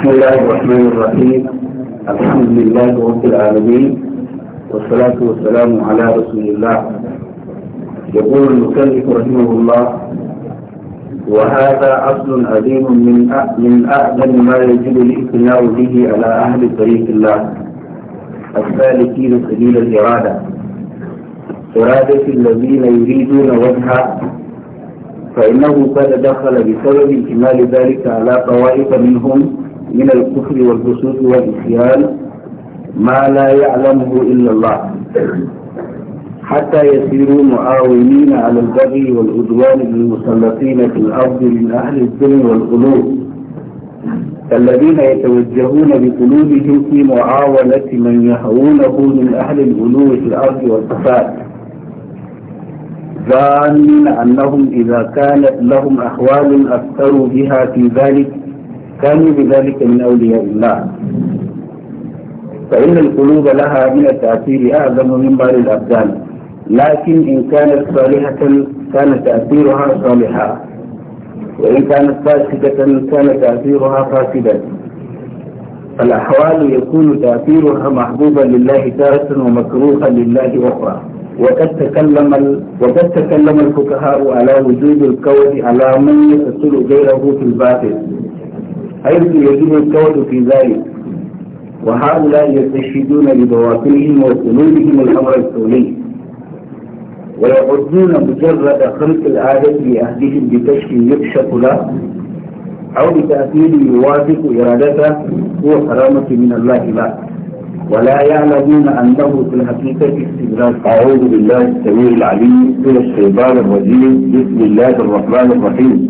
بسم الله الرحمن الرحيم الحمد لله رب العالمين والصلاة والسلام على رسول الله يقول المكلف رحمه الله وهذا أصل عظيم من من أعظم ما يجب الاقتناع به على أهل طريق الله السالكين سبيل الإرادة إرادة الذين يريدون وجهه فإنه قد دخل بسبب إكمال ذلك على طوائف منهم من الكفر والفسوق والعصيان ما لا يعلمه إلا الله حتى يسيروا معاونين على البغي والعدوان للمسلطين في الأرض من أهل الظلم والقلوب الذين يتوجهون بقلوبهم في معاونة من يهوونه من أهل الغلو في الأرض والفساد ظانين أنهم إذا كانت لهم أحوال أثروا بها في ذلك كانوا بذلك من أولياء الله فإن القلوب لها من التأثير أعظم من بار الأبدان لكن إن كانت صالحة كان تأثيرها صالحا وإن كانت فاسدة كان تأثيرها فاسدا فالأحوال يكون تأثيرها محبوبا لله تارة ومكروها لله أخرى وقد تكلم وقد تكلم الفقهاء على وجود الكون على من يتصل غيره في الباطل حيث يجب الكون في ذلك وهؤلاء يستشهدون ببواطنهم وقلوبهم الأمر الكوني ويعدون مجرد خلق العادة لأهلهم بكشف يكشف له أو بتأثير يوافق إرادته هو حرامة من الله له ولا يعلمون أنه في الحقيقة استدراج أعوذ بالله السميع العليم من الشيطان الرجيم بسم الله الرحمن الرحيم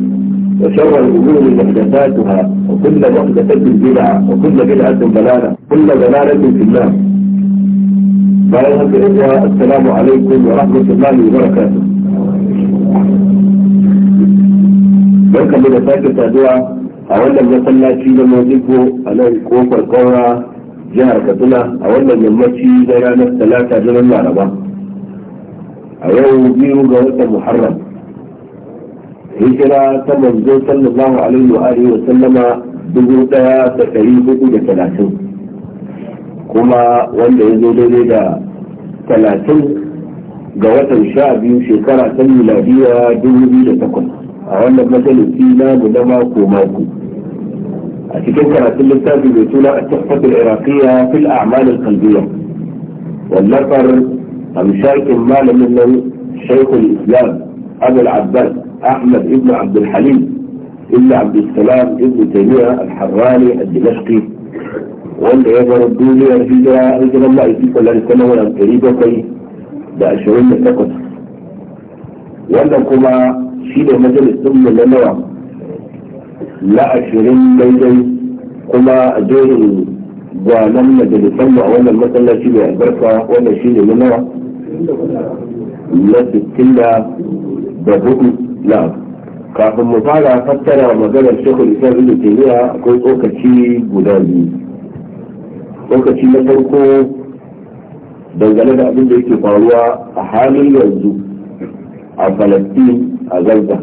وشر الأمور محدثاتها وكل محدثة بدعة وكل بدعة ضلالة كل ضلالة في النار بارك الله السلام عليكم ورحمة الله وبركاته barka mu da sake saduwa a wannan masallaci na Mojibbo a nan kofar Kaura jihar Katsina a wannan yammaci na ranar Talata da Laraba a yau biyu ga watan Muharram هجرة تم الزوء صلى الله عليه وآله وسلم بزوطة تكريم إلى ثلاثين كما وانا يزول لدى ثلاثين جوات الشعب يمشي كرة ميلادية جنوبية تكون أولا مثل سينا مدمى كوماكو أتكين كرة الثالثة بيتولى التحفة العراقية في الأعمال القلبية والنفر أمشاك مال من شيخ الإسلام ابو العباس احمد بن عبد الحليم ابن عبد السلام بن تيميه الحراني الدمشقي وانت يا ربي يا ربي يا ربي يا ربي يا ربي يا ربي يا ربي يا ربي يا ربي يا ربي يا ربي يا ربي يا ربي يا ربي يا ربي يا ربي يا da hudu na kafin mu fara fassara maganar shekul islam ibn akwai tsokaci guda biyu tsokaci na farko dangane da abin da yake faruwa a halin yanzu a falastin a gaza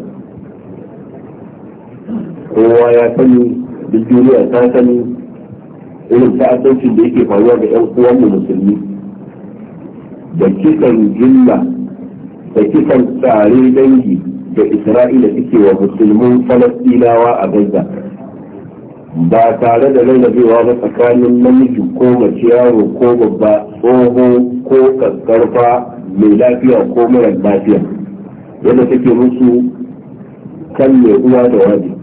kowa ya sani duk duniya ta sani irin ta'addancin da yake faruwa da 'yan uwanmu musulmi da kisan jilla da kisan tsare dangi da isra'ila suke wa musulmin falastinawa a gaza ba tare da lallabewa ba tsakanin namiji ko mace yaro ko babba tsoho ko kaskarfa mai lafiya ko mara lafiya yadda take musu kan mai uwa da wani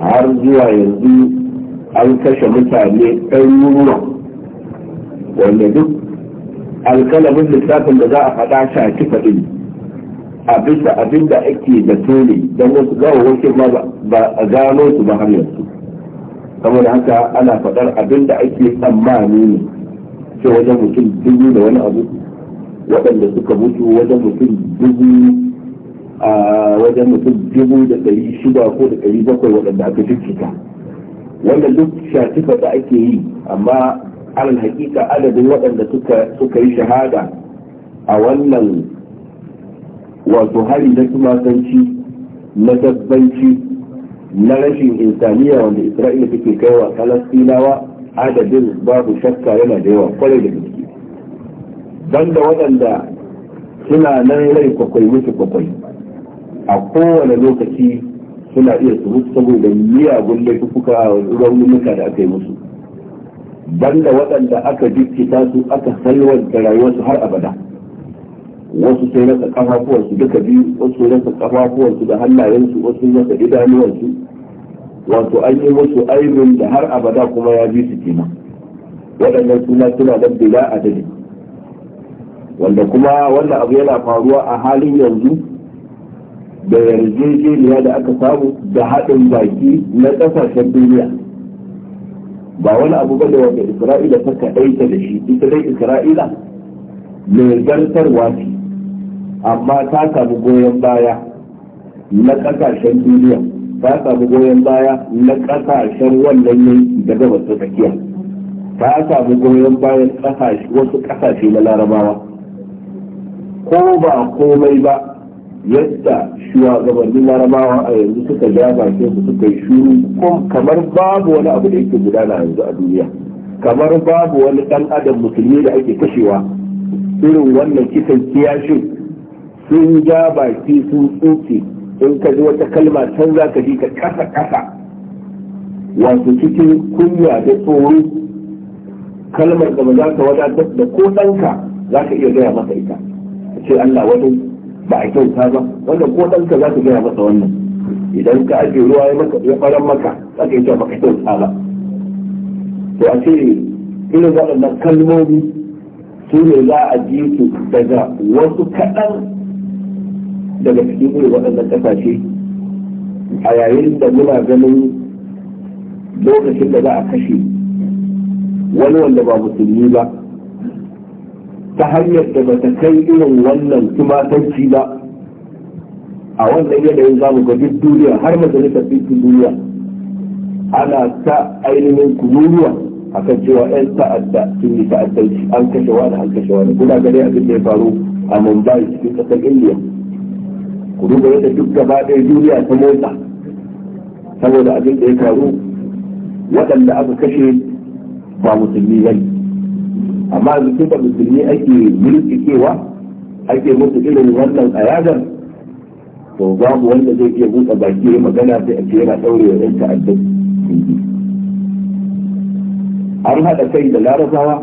har zuwa yanzu an kashe mutane ɗan yunwa wanda duk alkalamin littafin da za a faɗa shaki faɗin a bisa abin da ake da tole don wasu wakil ma ba a gano su ba har yanzu saboda haka ana faɗar abin da ake tsammani ne ce wajen mutum dubu da wani abu waɗanda suka mutu wajen mutum dubu a wajen mutum dubu da ɗari shida ko da ɗari bakwai waɗanda aka jikita wanda duk shatifa da ake yi amma alal hakika adadin waɗanda suka yi shahada a wannan wato hari na tumasanci na dabbanci na rashin insaniya wanda isra'ila take kaiwa falastinawa adadin babu shakka yana da yawa kwarai da gaske da waɗanda suna nan rai kwakwai musu kwakwai a kowane lokaci suna iya su mutu saboda miyagun laifuka raunuka da aka yi musu banda waɗanda aka jikita su aka salwanta rayuwarsu har abada wasu sai rasa kafafuwansu duka biyu wasu sai rasa kafafuwansu da hannayensu wasu rasa idanuwansu wato an yi musu aibin da har abada kuma ya bi su kenan waɗannan suna suna da bila dade wanda kuma wannan abu yana faruwa a halin yanzu da yarjejeniya da aka samu da haɗin baki na ƙasashen duniya ba wani abu ba da wanda isra'ila ta kaɗaita da shi ita dai isra'ila mai gantarwa ce amma ta samu goyon baya na ƙasashen duniya ta samu goyon baya na ƙasashen wannan yanki da gabas ta tsakiya ta samu goyon bayan wasu ƙasashe na larabawa ko ba komai ba yadda shugabannin larabawa a yanzu suka ja bakin su suka yi shuru kamar babu wani abu da yake gudana yanzu a duniya kamar babu wani dan adam musulmi da ake kashewa irin wannan kisan kiyashin sun ja baki sun tsoke in ka ji wata kalma can za ka ji ka kasa kasa Wasu cikin kunya da tsoro kalmar da ba za ka wadatar da ko ɗanka za ka iya gaya masa ita ce Allah wani ba a kyauta ba wanda ko ɗanka za ka gaya masa wannan idan ka ake ruwa ya maka ya faran maka za ka yi ba baka kyauta ba to a ce irin waɗannan kalmomi su ne za a ji su daga wasu kaɗan daga cikin irin waɗannan ƙasashe a yayin da muna ganin lokacin da za a kashe wani wanda ba musulmi ba ta hanyar da bata kai irin wannan tumatanci ba a wannan yanayin zamu ga duk duniya har majalisar ɗinkin duniya ana ta ainihin kururuwa kan cewa 'yan ta'adda sun yi ta'addanci an kashe wani an kashe wani kuna gani abin da ya faru a mumbai cikin ƙasar indiya ku duba yadda duk gaba ɗaya duniya ta motsa saboda abin da ya faru waɗanda aka kashe ba musulmi bane amma yanzu tun da musulmi ake cewa ake musu irin wannan ayadar to babu wanda zai iya buɗe baki ya magana sai a ce yana ɗaure wa ɗan an haɗa kai da larabawa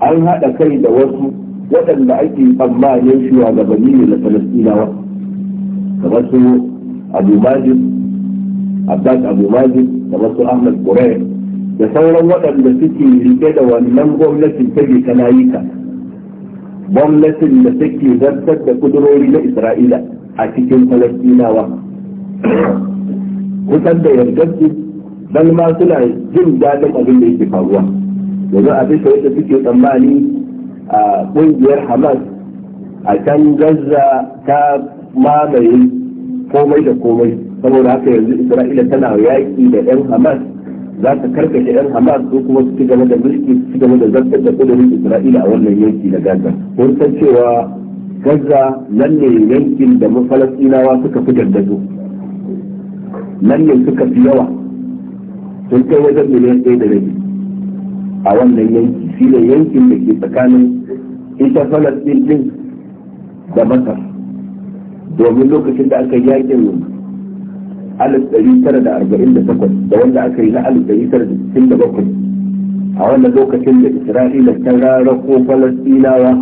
an haɗa kai da wasu waɗanda ake tsammanin shugabanni ne na falastinawa kamar su abu majid abbas abu majid kamar su ahmad kurai da sauran waɗanda suke rike da wannan gwamnatin ta bi kanayika gwamnatin da take zartar da kudurori na isra'ila a cikin falastinawa kusan da yardarsu don ma suna jin daɗin abin da yake faruwa yanzu a bisa yadda suke tsammani a ƙungiyar hamas a can gaza ta mamaye komai da komai saboda haka yanzu isra'ila tana yaƙi da 'yan hamas za ka karkashe yan hamas ko kuma su ci gaba da mulki su ci gaba da zartar da kudurin isra'ila a wannan yanki na gaza kun san cewa gaza nan ne yankin da mafalasinawa suka fi dandazo nan ne suka fi yawa sun kai wajen miliyan ɗaya da rabi a wannan yanki shi ne yankin da ke tsakanin ita falastin din da masar domin lokacin da aka yi yakin alif ɗari tara da arba'in da takwas da wanda aka yi na alif ɗari tara da sittin da bakwai a wannan lokacin da isra'ila ta rara ko falastinawa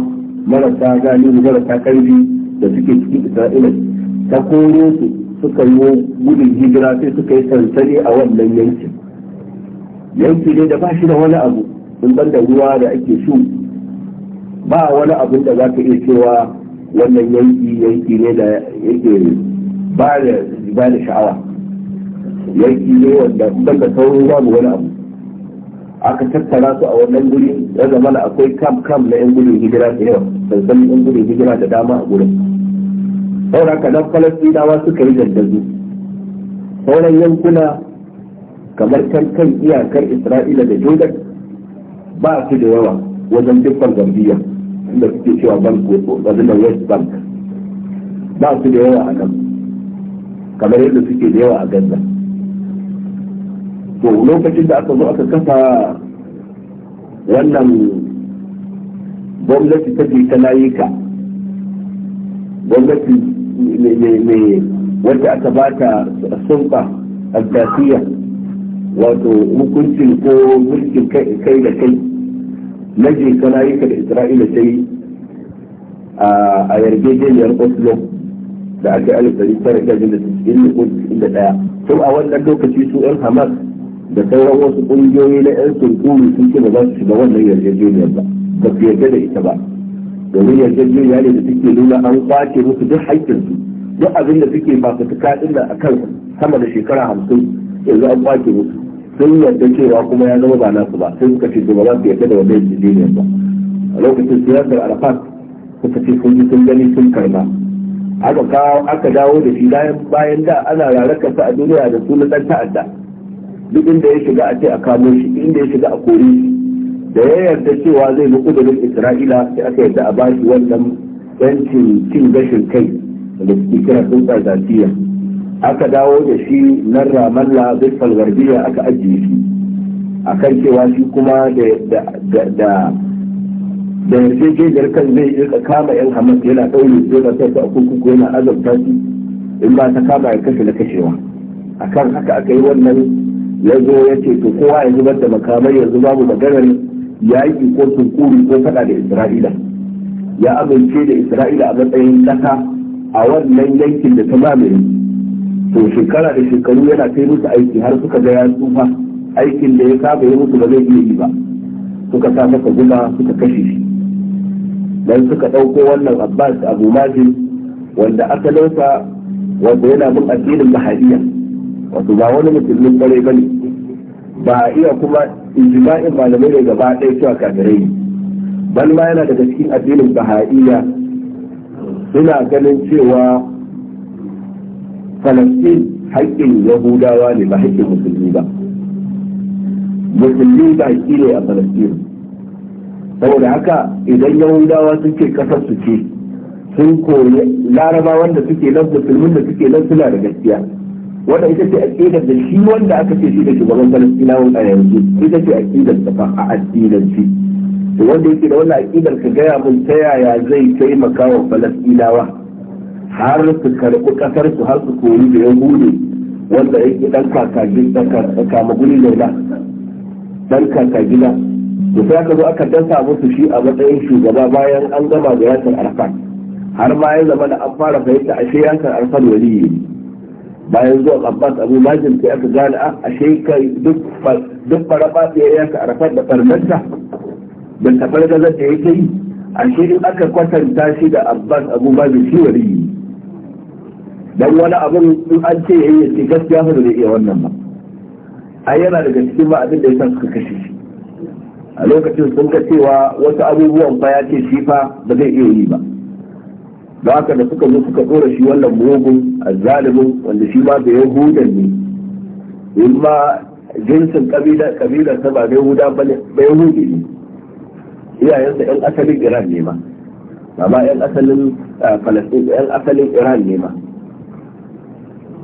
marasa galihu marasa karfi da suke cikin isra'ila ta koro su suka yi gudun hijira sai suka yi sansani a wannan yankin yanki ne da ba shi da wani abu in banda ruwa da ake shu ba wani abin da za ka iya cewa wannan yanki yanki ne da yake ba da sha'awa yanki ne wanda baka sauro babu wani abu aka tattara su a wannan guri ya zama da akwai kam kam na yan gudun hijira da yawa sansanin yan gudun hijira da dama a gurin saboda haka nan falastinawa suka yi dandazo sauran yankuna kamar kan kan iyakar isra'ila da jordan ba su da yawa wajen dukkan gambiya inda suke cewa bank ko west bank ba su da yawa a nan kamar yadda suke da yawa a gaza to lokacin da aka zo aka kafa wannan gwamnati ta je ta layika gwamnati mai wanda aka ba bata sunfa addasiya wato hukuncin ko mulkin kai da kai na je ka da isra'ila sai a yarjejeniyar oslo da aka yi alif da yace ko da daya sau a wannan lokaci su yan Hamas da sauran wasu kungiyoyi na yan sulkuru sun ce ba za su shiga wannan yarjejeniyar ba ba su yarda da ita ba domin yarjejeniya ne da suke nuna an kwace musu duk haƙƙinsu duk abin da suke ba su tuka a kan sama da shekara hamsin yanzu an kwace musu sun yarda cewa kuma ya zama ba nasu ba sun suka ce ba za su yarda da wannan yarjejeniyar ba a lokacin siyasar arafat suka ce sun ji sun gani sun karba aka kawo aka dawo da shi bayan da ana rarakarsa a duniya da sunan dan ta'adda duk inda ya shiga a ce a kamo shi inda ya shiga a kore shi da ya yarda cewa zai bi kudurin isra'ila sai aka yarda a ba shi wannan yancin cin gashin kai da suke kira tsuntsar zafiya aka dawo da shi nan ramallah zai garbiya aka ajiye shi akan cewa shi kuma da da yarjejeniyar kan zai irka kama yan hamas yana ɗaure su yana sa su a kurkuku yana azabta su in ba ta kama ya kashe na kashewa A kan haka aka yi wannan ya zo ya ce to kowa ya zubar da makamai yanzu babu maganar yaƙi ko tunkuri ko faɗa da isra'ila ya amince da isra'ila a matsayin ƙasa a wannan yankin da ta mamaye to shekara da shekaru yana kai musu aiki har suka ga ya tsufa aikin da ya saba ya musu ba zai iya yi ba suka sa masa guma suka kashe shi dan suka ɗauko wannan abbas abu mazin wanda asalinsa wanda yana bin addinin bahariya wato ba wani mutumin kwarai ba ne ba a iya kuma ijma'in malamai ne gaba ɗaya cewa kafirai ne ban ma yana daga cikin addinin bahariya suna ganin cewa falastin haƙƙin yahudawa ne ba haƙƙin musulmi ba musulmi ba haƙƙi ne a falastin saboda haka idan yahudawa sun ce kasar su ce sun koyi laraba wanda suke nan musulmin da suke nan suna da gaskiya wanda ita ce aqidar da shi wanda aka ce shi da shugaban falastinawa a yanzu ita ce aqidar da fa a addinin shi to wanda yake da wannan aqidar ka gaya mun ta yaya zai taimaka wa falastinawa har su karɓi kasar su har su koyi da yahudi wanda yake dan kaka gida dan kaka gida to sai aka zo aka dasa musu shi a matsayin shugaba bayan an gama da yasir arfan har ma ya zama da an fara fahimta ashe yasir arfan waliyi ne bayan zuwa abbas abu majin sai aka gane a ah, ashe kai duk fara sai yasir arfan da farnarsa da tafargazar da yake yi ashe in aka kwatanta shi da abbas abu majin shi waliyi ne dan wani abin in an ce yayi ya ce gaskiya fa da iya wannan ba ai yana daga cikin ba abin da ya sa suka kashe shi a lokacin sun ka cewa wasu abubuwan fa ya ce shi fa ba zai iya yi ba don haka da suka zo suka dora shi wannan mugun azzalimin wanda shi ma da yahudan ne in ma jinsin kabila kabila ta ba yahuda ba ne ba yahudi ne iyayensa yan asalin iran ne ma amma yan asalin falastin yan asalin iran ne ma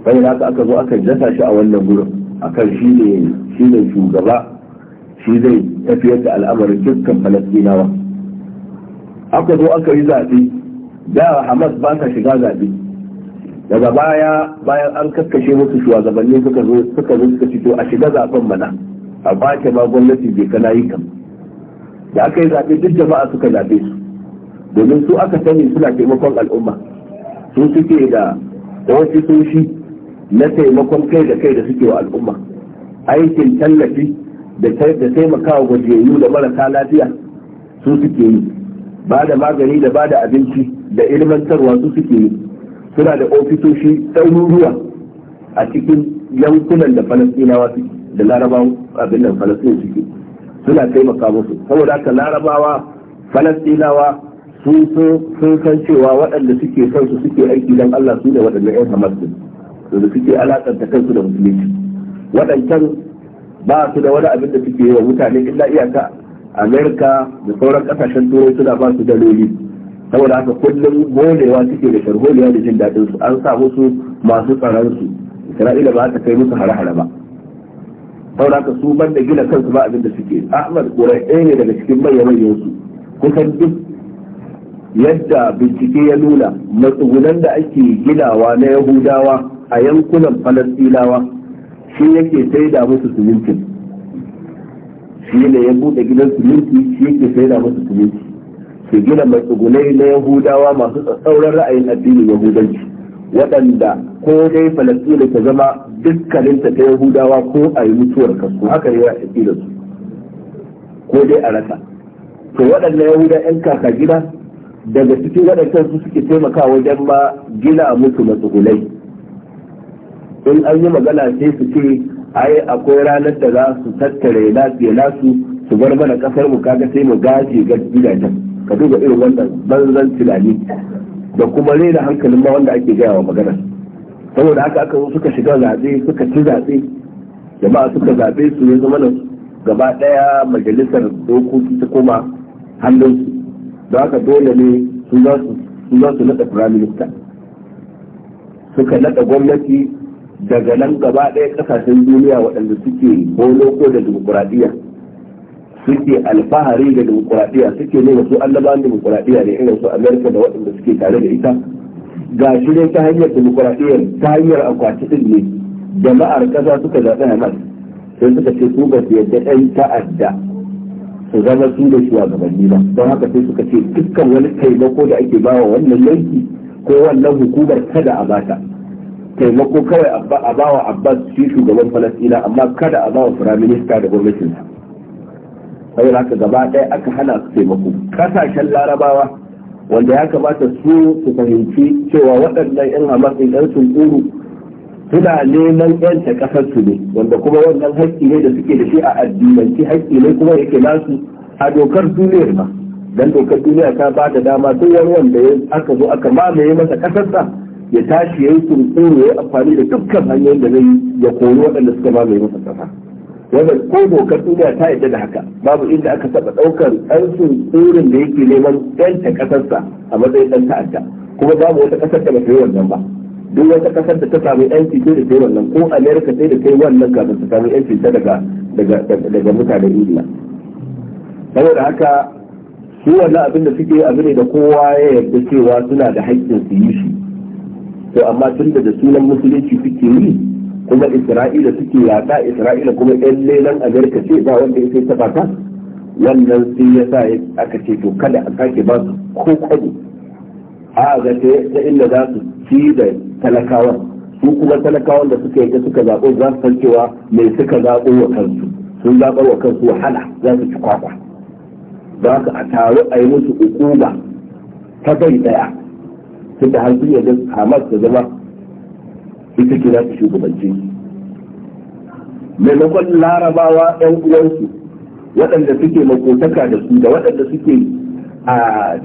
bayan haka aka zo aka jasa shi a wannan gurin akan shi ne shi ne shugaba shi zai tafiyar da al'amarin dukkan falastinawa aka zo aka yi zaɓe da hamas ba ta shiga zaɓe daga baya bayan an kakkashe musu shugabanni suka zo suka zo suka fito a shiga zaben mana a bace ma gwamnati bai kana yi kam da aka yi zaɓe duk jama'a suka zaɓe su domin su aka sani suna taimakon al'umma su suke da wasu soshi na taimakon kai da kai da suke wa al'umma aikin tallafi da taimakawa gajiyayyu da marasa lafiya su suke yi ba da magani da ba da abinci da ilmantarwa su suke yi suna da ofisoshi ɗaruruwa a cikin yankunan da falastinawa da larabawa abin da falastin suke suna taimaka musu saboda haka larabawa falastinawa sun san cewa waɗanda suke son su suke aiki don Allah su ne waɗanda 'yan Hamas ne, da suke alaƙanta kansu da musulunci waɗancan ba su da wani abin da suke yi wa mutane illa iyaka amerika da sauran kasashen turai suna ba su daloli saboda haka kullum golewa suke da sharholiya da jin daɗin su an sa musu masu tsaron su isra'ila ba ta kai musu hare-hare ba saboda haka su ban da gina kansu ba abin da suke ahmad kurai ɗaya ne daga cikin manya-manyan su kusan duk yadda bincike ya nuna matsugunan da ake ginawa na yahudawa a yankunan falastinawa shi yake sai da musu simintin shi ne ya bude gidan siminti shi yake sai da musu siminti su gina matsugunai na yahudawa masu tsatsauran ra'ayin addinin yahudanci waɗanda ko dai falastina ta zama dukkaninta ta yahudawa ko a yi mutuwar kasu haka ne a da su ko dai a rasa to waɗanda yahuda yan kaka gida daga cikin waɗancan su suke taimaka wajen ma gina musu matsugunai in an yi magana sai su ce ai akwai ranar da za su tattare lafiya nasu su bar mana kasar mu kaga sai mu gaje ga gidajen ka duba irin wannan banzan tunani da kuma rena hankalin ma wanda ake gaya wa magana saboda haka aka suka shiga zaɓe suka ci zaɓe jama'a suka zaɓe su ya zama nan gaba ɗaya majalisar dokoki ta koma hannunsu don haka dole ne su za su naɗa firaminista suka naɗa gwamnati daga nan gaba ɗaya ƙasashen duniya waɗanda suke boloko da demokuraɗiyya suke alfahari da demokuraɗiyya suke nuna su annabawan demokuraɗiyya ne irin su amerika da waɗanda suke tare da ita ga shi ne ta hanyar demokuraɗiyya ta hanyar akwati ɗin ne jama'ar ƙasa suka zaɓi hamas sai suka ce su ba su yadda ɗan ta'adda su zama su da shugabanni ba don haka sai suka ce dukkan wani taimako da ake bawa wannan yanki ko wannan hukumar kada a bata. taimako kawai a bawa abbas shi shugaban falasila amma kada a bawa firaminista da gwamnatinsa sai haka gaba ɗaya aka hana su taimako kasashen larabawa wanda ya kamata su su fahimci cewa waɗannan 'yan hamas ɗin 'yan sunkuru suna neman 'yanta su ne wanda kuma wannan haƙƙi ne da suke da shi a addinanci haƙƙi ne kuma yake nasu a dokar duniyar ma dan dokar duniya ta ba da dama duk wani wanda aka zo aka mamaye masa ƙasarsa ya tashi ya yi tsoro ya amfani da dukkan hanyoyin da zai ya koyi waɗanda suka ba mai masa ƙasa wanda ko dokar duniya ta yadda da haka babu inda aka taɓa ɗaukar ɗan tsoron da yake neman ɗanta ƙasarsa a matsayin ɗan ta'adda kuma babu wata ƙasar da ba ta yi wannan ba duk wata ƙasar da ta samu ƴanci sai da ta yi wannan ko amerika sai da ta yi wannan kafin ta samu ƴanci ta daga daga mutanen india, saboda haka su wannan abin da suke abu ne da kowa ya yarda cewa suna da haƙƙin su yi shi to amma tun da sunan musulunci suke yi kuma isra'ila suke yaƙa isra'ila kuma yan lelan amerika ce ba wanda ya sai wannan sai ya sa aka ce to kada a sake ba su ko kwani a ga ta inda za su ci da talakawan su kuma talakawan da suka yi suka zaɓo za su san cewa mai suka zaɓo wa kansu sun zaɓar wa kansu wahala za su ci kwakwa za su a taru a yi musu ukuba ta bai ɗaya tun da har sun yarda hamas da zama ita ke za ta maimakon larabawa yan uwansu waɗanda suke makotaka da su da waɗanda suke a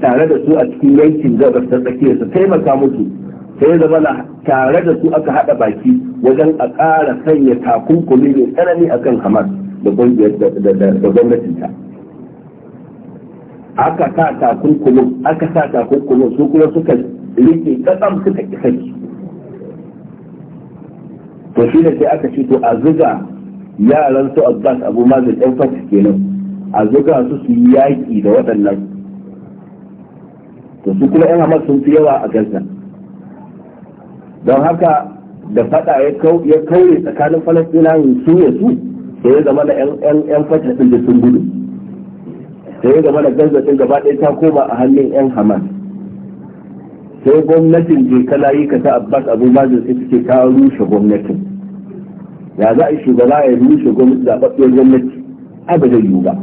tare da su a cikin yankin gabas ta tsakiya su taimaka musu sai ya zama tare da su aka haɗa baki wajen a ƙara sanya takunkumi mai tsanani a kan hamas da gwamnatinta aka sa takunkumin aka sa takunkumin su kuma suka rike kasam suka kisaki to shi da sai aka ce to a zuga yaran su abbas abu mazin ɗan fata kenan a zuga su su yi yaƙi da waɗannan to su kuma yan sun fi yawa a gaza don haka da fada ya kauye tsakanin falastinayen su ya su sai ya zama da yan fata ɗin da sun gudu sai ya zama da gaza ɗin gaba ɗaya ta koma a hannun yan hamas sai gwamnatin je kalayi ka ta abbas abu mazin sai suke ta rushe gwamnatin ya za a shugaba ya rushe zaɓaɓɓiyar gwamnati abu zai yiwu ba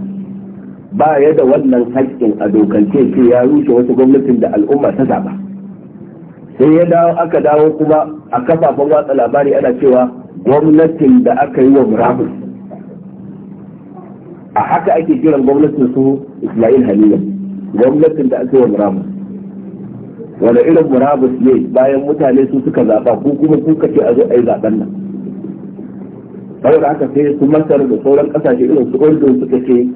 ba ya da wannan haƙƙin a dokance ce ya rushe wasu gwamnatin da al'umma ta zaɓa sai ya dawo aka dawo kuma a kafafen watsa labari ana cewa gwamnatin da aka yi wa murabus a haka ake kiran gwamnatin su ismail haniya gwamnatin da aka yi wa murabus wani irin murabus ne bayan mutane su suka zaɓa ko kuma ku kace a zo a yi zaɓen nan saboda haka sai su masar da sauran ƙasashe irin su ordon suka ce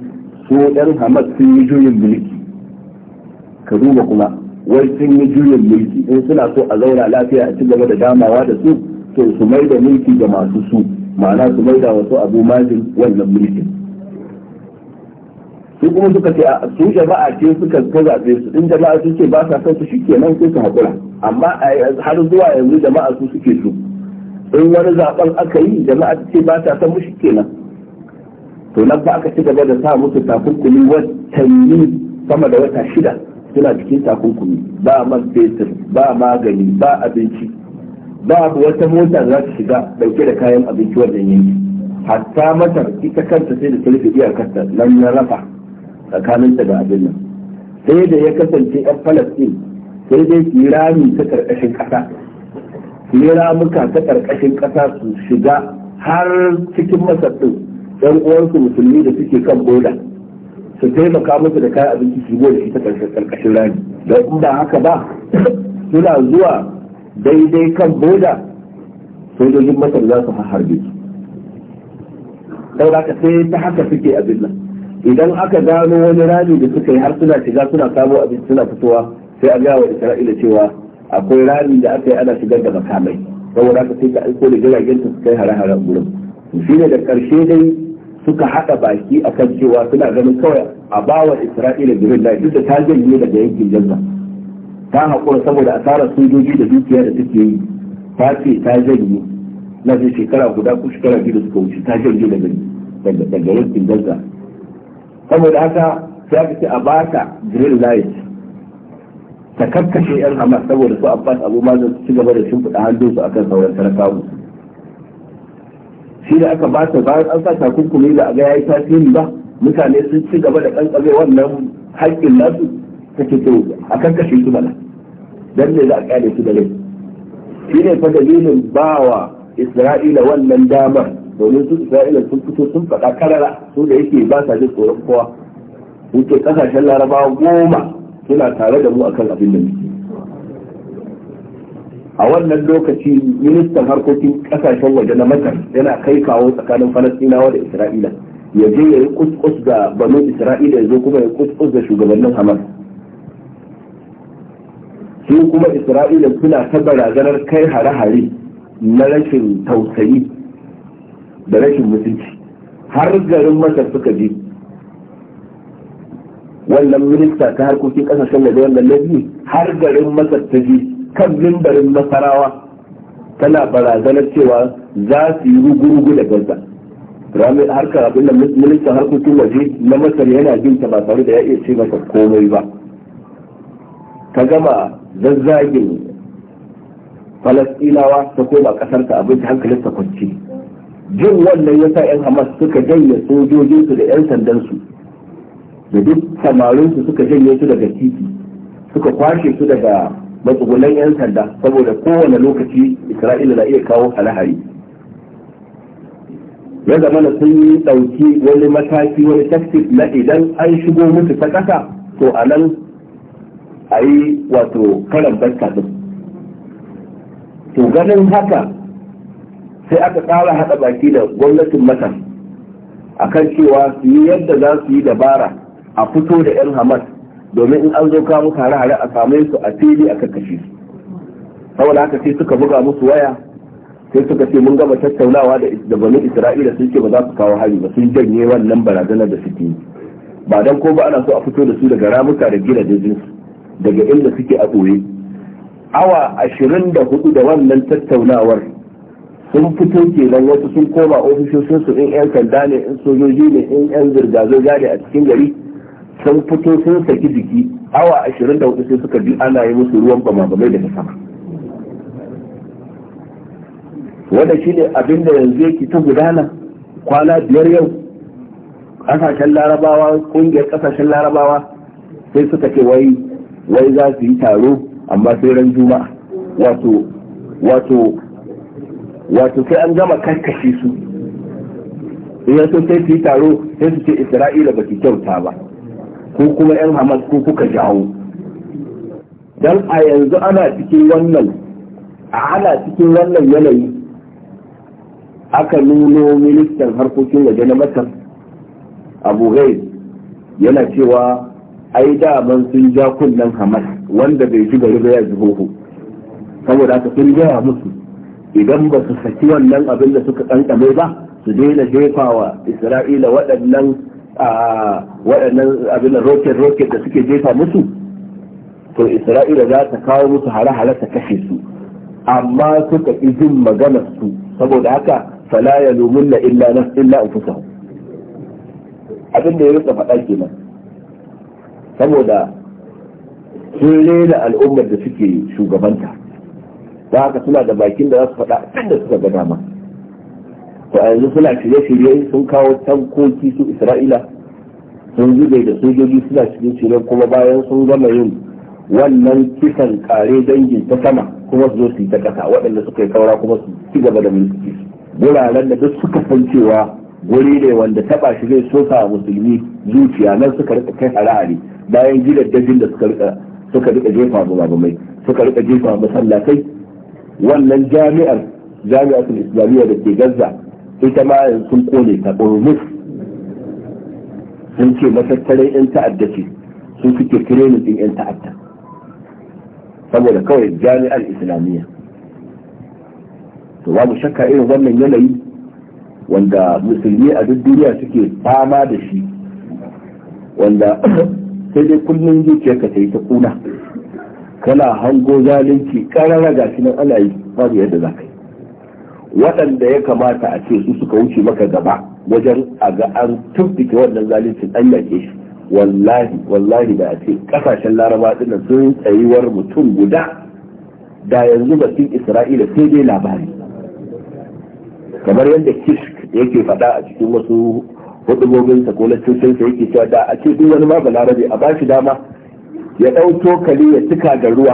su ɗan hamad sun yi juyin mulki ka duba kuma wai sun yi juyin mulki in suna so a zauna lafiya a ci gaba da damawa da su to su mai da mulki ga masu su ma'ana su mai da wasu abu majin wannan mulkin su kuma suka ce su jama'a ce suka ga zaɓe su in jama'a su ce ba sa son su shikenan sai su haƙura amma har zuwa yanzu jama'a su suke su in wani zaben aka yi jama'a ce ba sa son mu shikenan to nan ba aka ci gaba da sa musu takunkumi watanni sama da wata shida suna cikin takunkumi ba man fetur ba magani ba abinci ba wata mota za ta shiga dauke da kayan abinci wajen yanki hatta matar ita kanta sai da ta rufe iyakarta nan na rafa ta da abin nan sai da ya kasance yan falastin sai dai su yi rami ta ƙarƙashin ƙasa su yi ramuka ta ƙarƙashin ƙasa su shiga har cikin masar 'yan uwansu musulmi da suke kan boda su taimaka musu da kayan abinci su da shi ta ƙarƙashin rami don in ba haka ba suna zuwa daidai kan boda sojojin masar za su harbe su saboda sai ta haka suke abin nan idan aka gano wani rami da suka yi har suna shiga suna samu abin suna fitowa sai a gawa isra'ila cewa akwai rami da aka yi ana shigar da makamai saboda haka sai ka aiko da jiragen su kai hare-haren gurin shi ne da karshe dai suka haɗa baki akan cewa suna ganin kawai a bawa isra'ila birin da duk da ta janye daga yankin jazza ta haƙura saboda asarar sojoji da dukiya da suke yi ta ce ta janye na shekara guda ko shekara biyu da suka wuce ta janye daga yankin jazza saboda haka ya fi ce a baka green light ta karkashe yan hamas saboda su abbas abu mazan su ci gaba da shimfiɗa hannun su akan sauran sarakawu shi da aka bata bayan an sa takunkumi da a ga yayi tasiri ba mutane sun ci gaba da kankare wannan haƙƙin nasu ke to a karkashe su bala dan ne za a kare su da rai shi ne fa dalilin bawa isra'ila wannan damar domin su isra'ila sun fito sun faɗa karara su da yake ba sa jin tsoron kowa wuce kasashen larabawa goma suna tare da mu akan abin da muke a wannan lokaci ministan harkokin ƙasashen waje na masar yana kai kawo tsakanin falastinawa da isra'ila ya je ya yi kuskus da banu isra'ila ya zo kuma ya kuskus da shugabannin hamas su kuma isra'ila suna ta barazanar kai hare-hare na rashin tausayi da rashin mutunci har garin masar suka je wannan minista ta harkokin kasashen da wannan lafi har garin masar ta je kan mimbarin masarawa tana barazanar cewa za su yi rugurugu da gaza harkar abin da ministan harkokin waje na masar yana jin ta ba tare da ya iya ce masa komai ba ta gama zazzagin Falasɗinawa ta koma kasar abinci hankalinsa kwanci jin wannan ya sa 'yan hamas suka janye sojojinsu da 'yan sandansu da duk samarinsu suka janye su daga titi suka kwashe su daga matsugunan 'yan sanda saboda kowane lokaci isra'ila na iya kawo halahari ya zama na sun yi ɗauki wani mataki wani tactic na idan an shigo musu ta ƙasa to a nan a yi wato karan barka din to ganin haka sai aka tsara haɗa baki da gwamnatin masar a kan cewa su yi yadda za su yi dabara a fito da 'yan hamas domin in an zo kawo muka hare-hare a same su a fili a karkashe saboda haka sai suka buga musu waya sai suka ce mun gama tattaunawa da banu isra'ila sun ce ba za su kawo hari ba sun janye wannan barazanar da suke yi ba dan ko ba ana so a fito da su daga ramuka da gidajen su daga inda suke a ɓoye awa ashirin da hudu da wannan tattaunawar sun fito ke nan wasu sun koma ofisoshin su in yan sanda ne in sojoji ne in yan zirga-zirga ne a cikin gari sun fito sun saki jiki awa ashirin da sai suka bi ana yi musu ruwan bama daga sama wanda shine abin da yanzu yake ta gudana kwana biyar yau kasashen larabawa kungiyar kasashen larabawa sai suka ce wai wai za su yi taro amma sai ran juma'a wato wato wato sai an gama karkashe su in so sai su yi taro sai su ce isra'ila ba su kyauta ba ko kuma yan hamas ko kuka jawo Don a yanzu ana cikin wannan a ana cikin wannan yanayi aka nuno ministan harkokin waje na masar abu yana cewa ai daman sun ja kunnen hamas wanda bai ji gari ba ya ji hoho saboda aka sun gaya musu idan ba su saki wannan abin da suka kankame ba su daina jefawa isra'ila waɗannan waɗannan abin rocket rocket da suke jefa musu to isra'ila za ta kawo musu hare-hare ta kashe su amma suka ƙi jin maganar su saboda haka fala ya lumunna illa nas illa abin da ya rika faɗa kenan saboda sun rena al'ummar da suke shugabanta don haka suna da bakin da za su faɗa abin da suka ga dama to a yanzu suna shirye-shirye sun kawo tankoki su isra'ila sun zube da sojoji suna cikin shirye kuma bayan sun gama yin wannan kisan kare dangin ta sama kuma su zo su yi ta ƙasa waɗanda suka yi saura kuma su ci gaba da mulki guraren da duk suka san cewa guri ne wanda taɓa shi zai musulmi zuciya nan suka rika kai harare bayan gidaddajin da suka rika suka rika jefa mu mai suka rika jefa masallatai wannan jami'ar jami'atul islamiyya da ke gaza ita ma sun kone ta urmus sun ce matattarai 'yan ta'adda ce sun suke training din 'yan ta'adda saboda kawai jami'ar islamiyya to babu shakka irin wannan yanayi wanda musulmi a duk duniya suke fama da shi wanda sai dai kullum zuciyarka ta yi ta kuna kana hango zalunci karara ga shi nan ana yi babu yadda za ka yi waɗanda ya kamata a ce su suka wuce maka gaba wajen a ga an tubbike wannan zaluncin an yake shi wallahi wallahi da a ce kasashen laraba dinnan sun tsayuwar mutum guda da yanzu cikin isra'ila sai dai labari kamar yadda kisk yake faɗa a cikin wasu hudubobinsa ko na lantarkinsa yake cewa da a ce duk wani ma balarabe a ba shi dama ya ɗau cokali ya cika da ruwa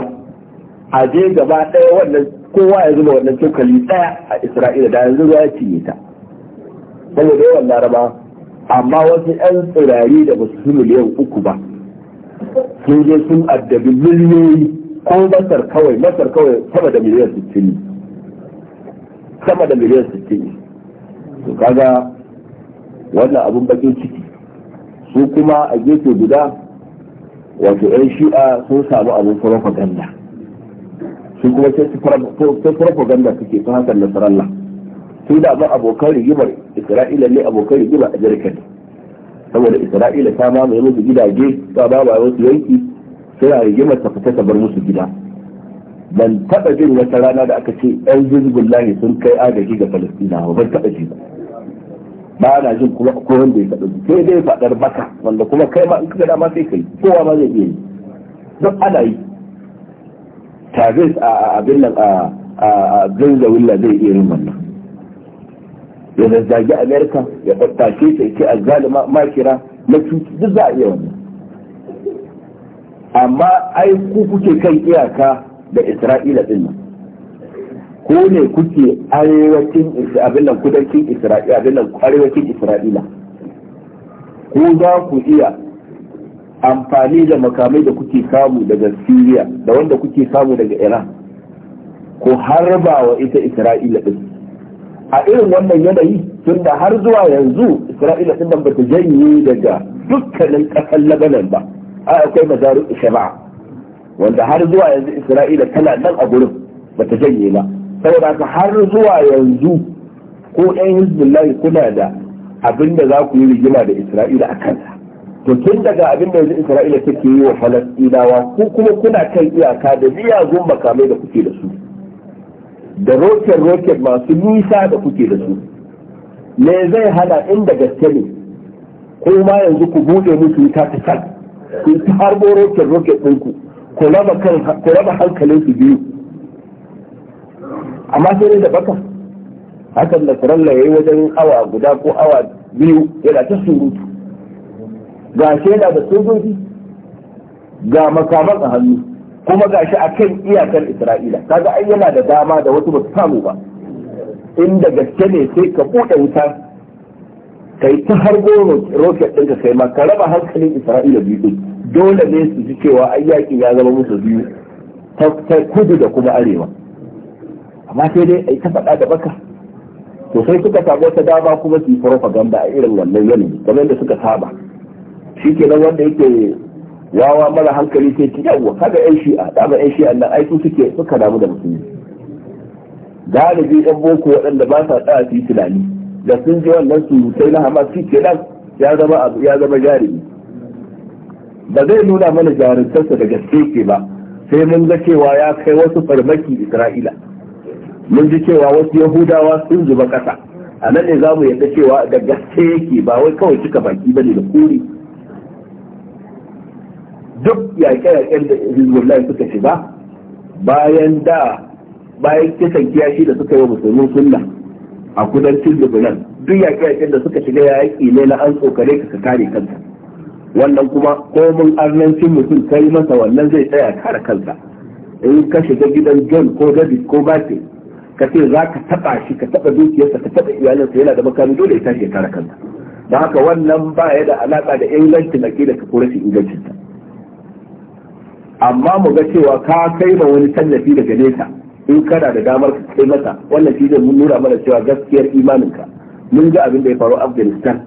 a je gaba ɗaya wannan kowa ya zuba wannan cokali ɗaya a isra'ila da yanzu ruwa ya cinye ta saboda yawan laraba amma wasu 'yan tsirari da ba su fi miliyan uku ba sun je sun addabi miliyoyi ko masar kawai masar kawai sama da miliyan sittin sama da miliyan sittin to kaga wannan abun bakin ciki su kuma a gefe guda wato yan shi'a sun samu abin propaganda su kuma sai propaganda suke sun hasan nasarallah sun da ba abokan rigimar isra'ila ne abokan rigimar a jirgin saboda isra'ila ta mamaye musu gidaje ta mamaye wasu yanki suna rigimar ta fita ta bar musu gida ban taɓa jin wata rana da aka ce yan zizgullahi sun kai agaji ga falastinawa ban taɓa ji ba ba na jin kuma ko wanda ya faɗa sai dai faɗar baka wanda kuma kai ma in ka dama sai kai kowa ma zai iya yi duk ana yi tare a abin nan a wulla zai iya yin wannan ya zazzagi amerika ya tattake ta ke a zalima makira na cuci duk za a iya wannan amma ai ku kuke kan iyaka da isra'ila din nan ko ne kuke arewacin abin kudancin isra'ila abin arewacin isra'ila ko za ku iya amfani da makamai da kuke samu daga syria da wanda kuke samu daga iran ko harba wa ita isra'ila din a irin wannan yanayi tun da har zuwa yanzu isra'ila din nan bata janye daga dukkanin kasar labanan ba a akwai mazarin isra'ila wanda har zuwa yanzu isra'ila tana nan a gurin bata janye ba saboda ka har zuwa yanzu ko ɗan hizbullah kuna da abin da za ku yi rigima da isra'ila a kansa to tun daga abin da yanzu isra'ila take yi wa falastinawa ko kuma kuna kan iyaka da miyagun makamai da kuke da su da roket roket masu nisa da kuke da su me zai hana inda gaske ne ko ma yanzu ku buɗe musu wuta ta kan ku ta harbo roket roket ɗinku ku raba hankalin su biyu amma sai dai da baka hakan da saralla yayi wajen awa guda ko awa biyu yana ta surutu ga shi yana da sojoji ga makaman a hannu kuma ga shi a kan iyakar isra'ila kaga ai yana da dama da wasu ba su samu ba inda gaske ne sai ka buɗe wuta kai ta har roket ɗin ka kai ma ka raba hankalin isra'ila biyu dole ne su ji cewa ai ya zama musu biyu ta kudu da kuma arewa amma sai dai ai ta faɗa da baka to sai suka samu wata dama kuma su propaganda a irin wannan yanayi kamar da suka saba shi ke nan wanda yake wawa mara hankali sai ci yawa kaga yan shi'a dama yan shi'a nan ai su suke suka damu da musulmi galibi yan boko waɗanda ba sa tsaya su yi da sun ji wannan su sai na hama shi nan ya zama ya zama jarumi ba zai nuna mana jarumtarsa da gaske ke ba sai mun ga cewa ya kai wasu farmaki isra'ila mun ji cewa wasu yahudawa sun zuba ƙasa a nan ne za mu yadda cewa da gaske yake ba wai kawai cika baki ba ne da kuri duk yaƙe-yaƙen da hezbollah suka shiga bayan da bayan kisan kiyashi da suka yi wa musulmin sunna a kudancin lebanon duk yaƙe-yaƙen da suka shiga ya yaƙi ne na an tsokare ka kare kanka wannan kuma komin arnancin mutum kai masa wannan zai tsaya kare kansa in ka shiga gidan john ko david ko batin ka ce za ka taɓa shi ka taɓa dukiyarsa ka taɓa iyalinsa yana da makami dole ya tashi ya kare da haka wannan ba ya da alaƙa da ingancin aƙida ka kura shi ingancinsa amma mu ga cewa ka kai ma wani tallafi daga nesa in kana da damar ka kai masa wannan shi mun nuna mana cewa gaskiyar imaninka mun ga abin da ya faru afghanistan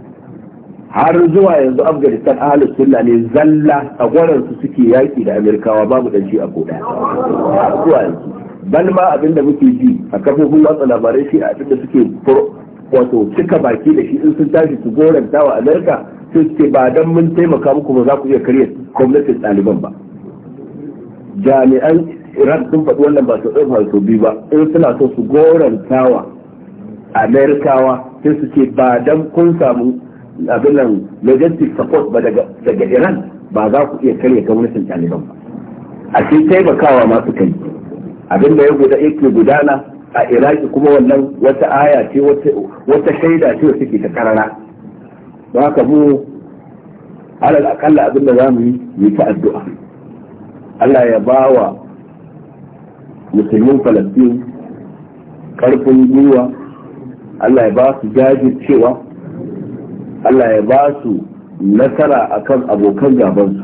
har zuwa yanzu afghanistan ahalus sunna ne zalla a gwaransu suke yaƙi da amerikawa babu dan shi a koda zuwa yanzu bal ma abinda muke ji a kafofin watsa labarai shi a da suke wato cika baki da shi in sun tashi su goranta wa amerika sai suke ba don mun taimaka muku ba za ku iya karya gwamnatin ɗaliban ba jami'an iran sun faɗi wannan ba su ɗauka su biyu ba in suna so su goranta wa amerikawa sai su ce ba don kun samu abin nan logistic support ba daga iran ba za ku iya karya gwamnatin ɗaliban ba a cikin taimakawa masu kai. abin da ya guda yake gudana a iraki kuma wannan wata aya ce wata shaida ce wacce ke ta karara Ba haka mu alal akalla abin da za mu yi yi ta addu'a Allah ya ba wa musulmin falastin karfin gwiwa Allah ya ba su jajircewa Allah ya ba su nasara akan abokan gabansu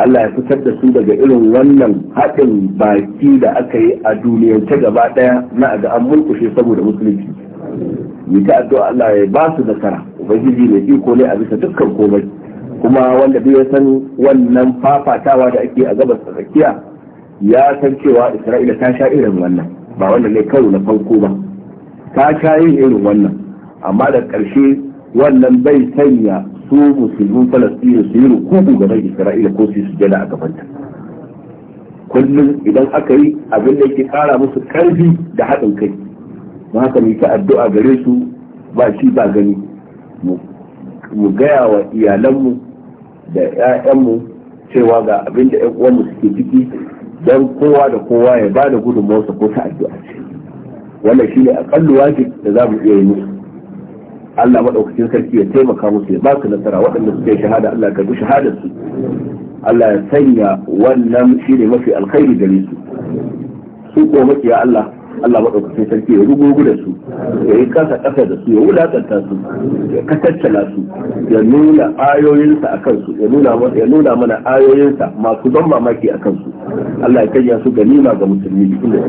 Allah ya fitar da su daga irin wannan haɗin baki da aka yi a duniyance gaba ɗaya na ga an mulkushe saboda musulunci mu ta addu'a Allah ya ba su nasara ubangiji mai iko ne a bisa dukkan komai kuma wanda duk ya san wannan fafatawa da ake a gabas tsakiya ya san cewa Isra'ila ta sha irin wannan ba wannan ne karo na farko ba ta sha yin irin wannan amma da ƙarshe wannan bai sanya su musulmin falastini su yi rukuku gaban isra'ila ko su yi sujada a ta? kullum idan aka yi abin da yake kara musu karfi da haɗin kai don haka mu ta addu'a gare su ba shi ba gani mu gaya wa iyalanmu da 'ya'yanmu cewa ga abin da 'yan uwanmu suke ciki don kowa da kowa ya ba da gudunmawarsa ko ta addu'a ce wannan shi ne aƙallu wajib da za mu iya yi musu Allah madaukakin sarki ya taimaka musu ya ba su nasara waɗanda suke shahada Allah ka bi shahadar su Allah ya sanya wannan shi ne mafi alkhairi gare su su ko makiya Allah Allah maɗaukacin sarki ya rugugu da su ya yi kasa ƙasa da su ya wulaƙanta su ya katattala su ya nuna ayoyinsa a kansu ya nuna mana ayoyinsa masu ban mamaki a kansu Allah ya kanya su ganima ga musulmi inda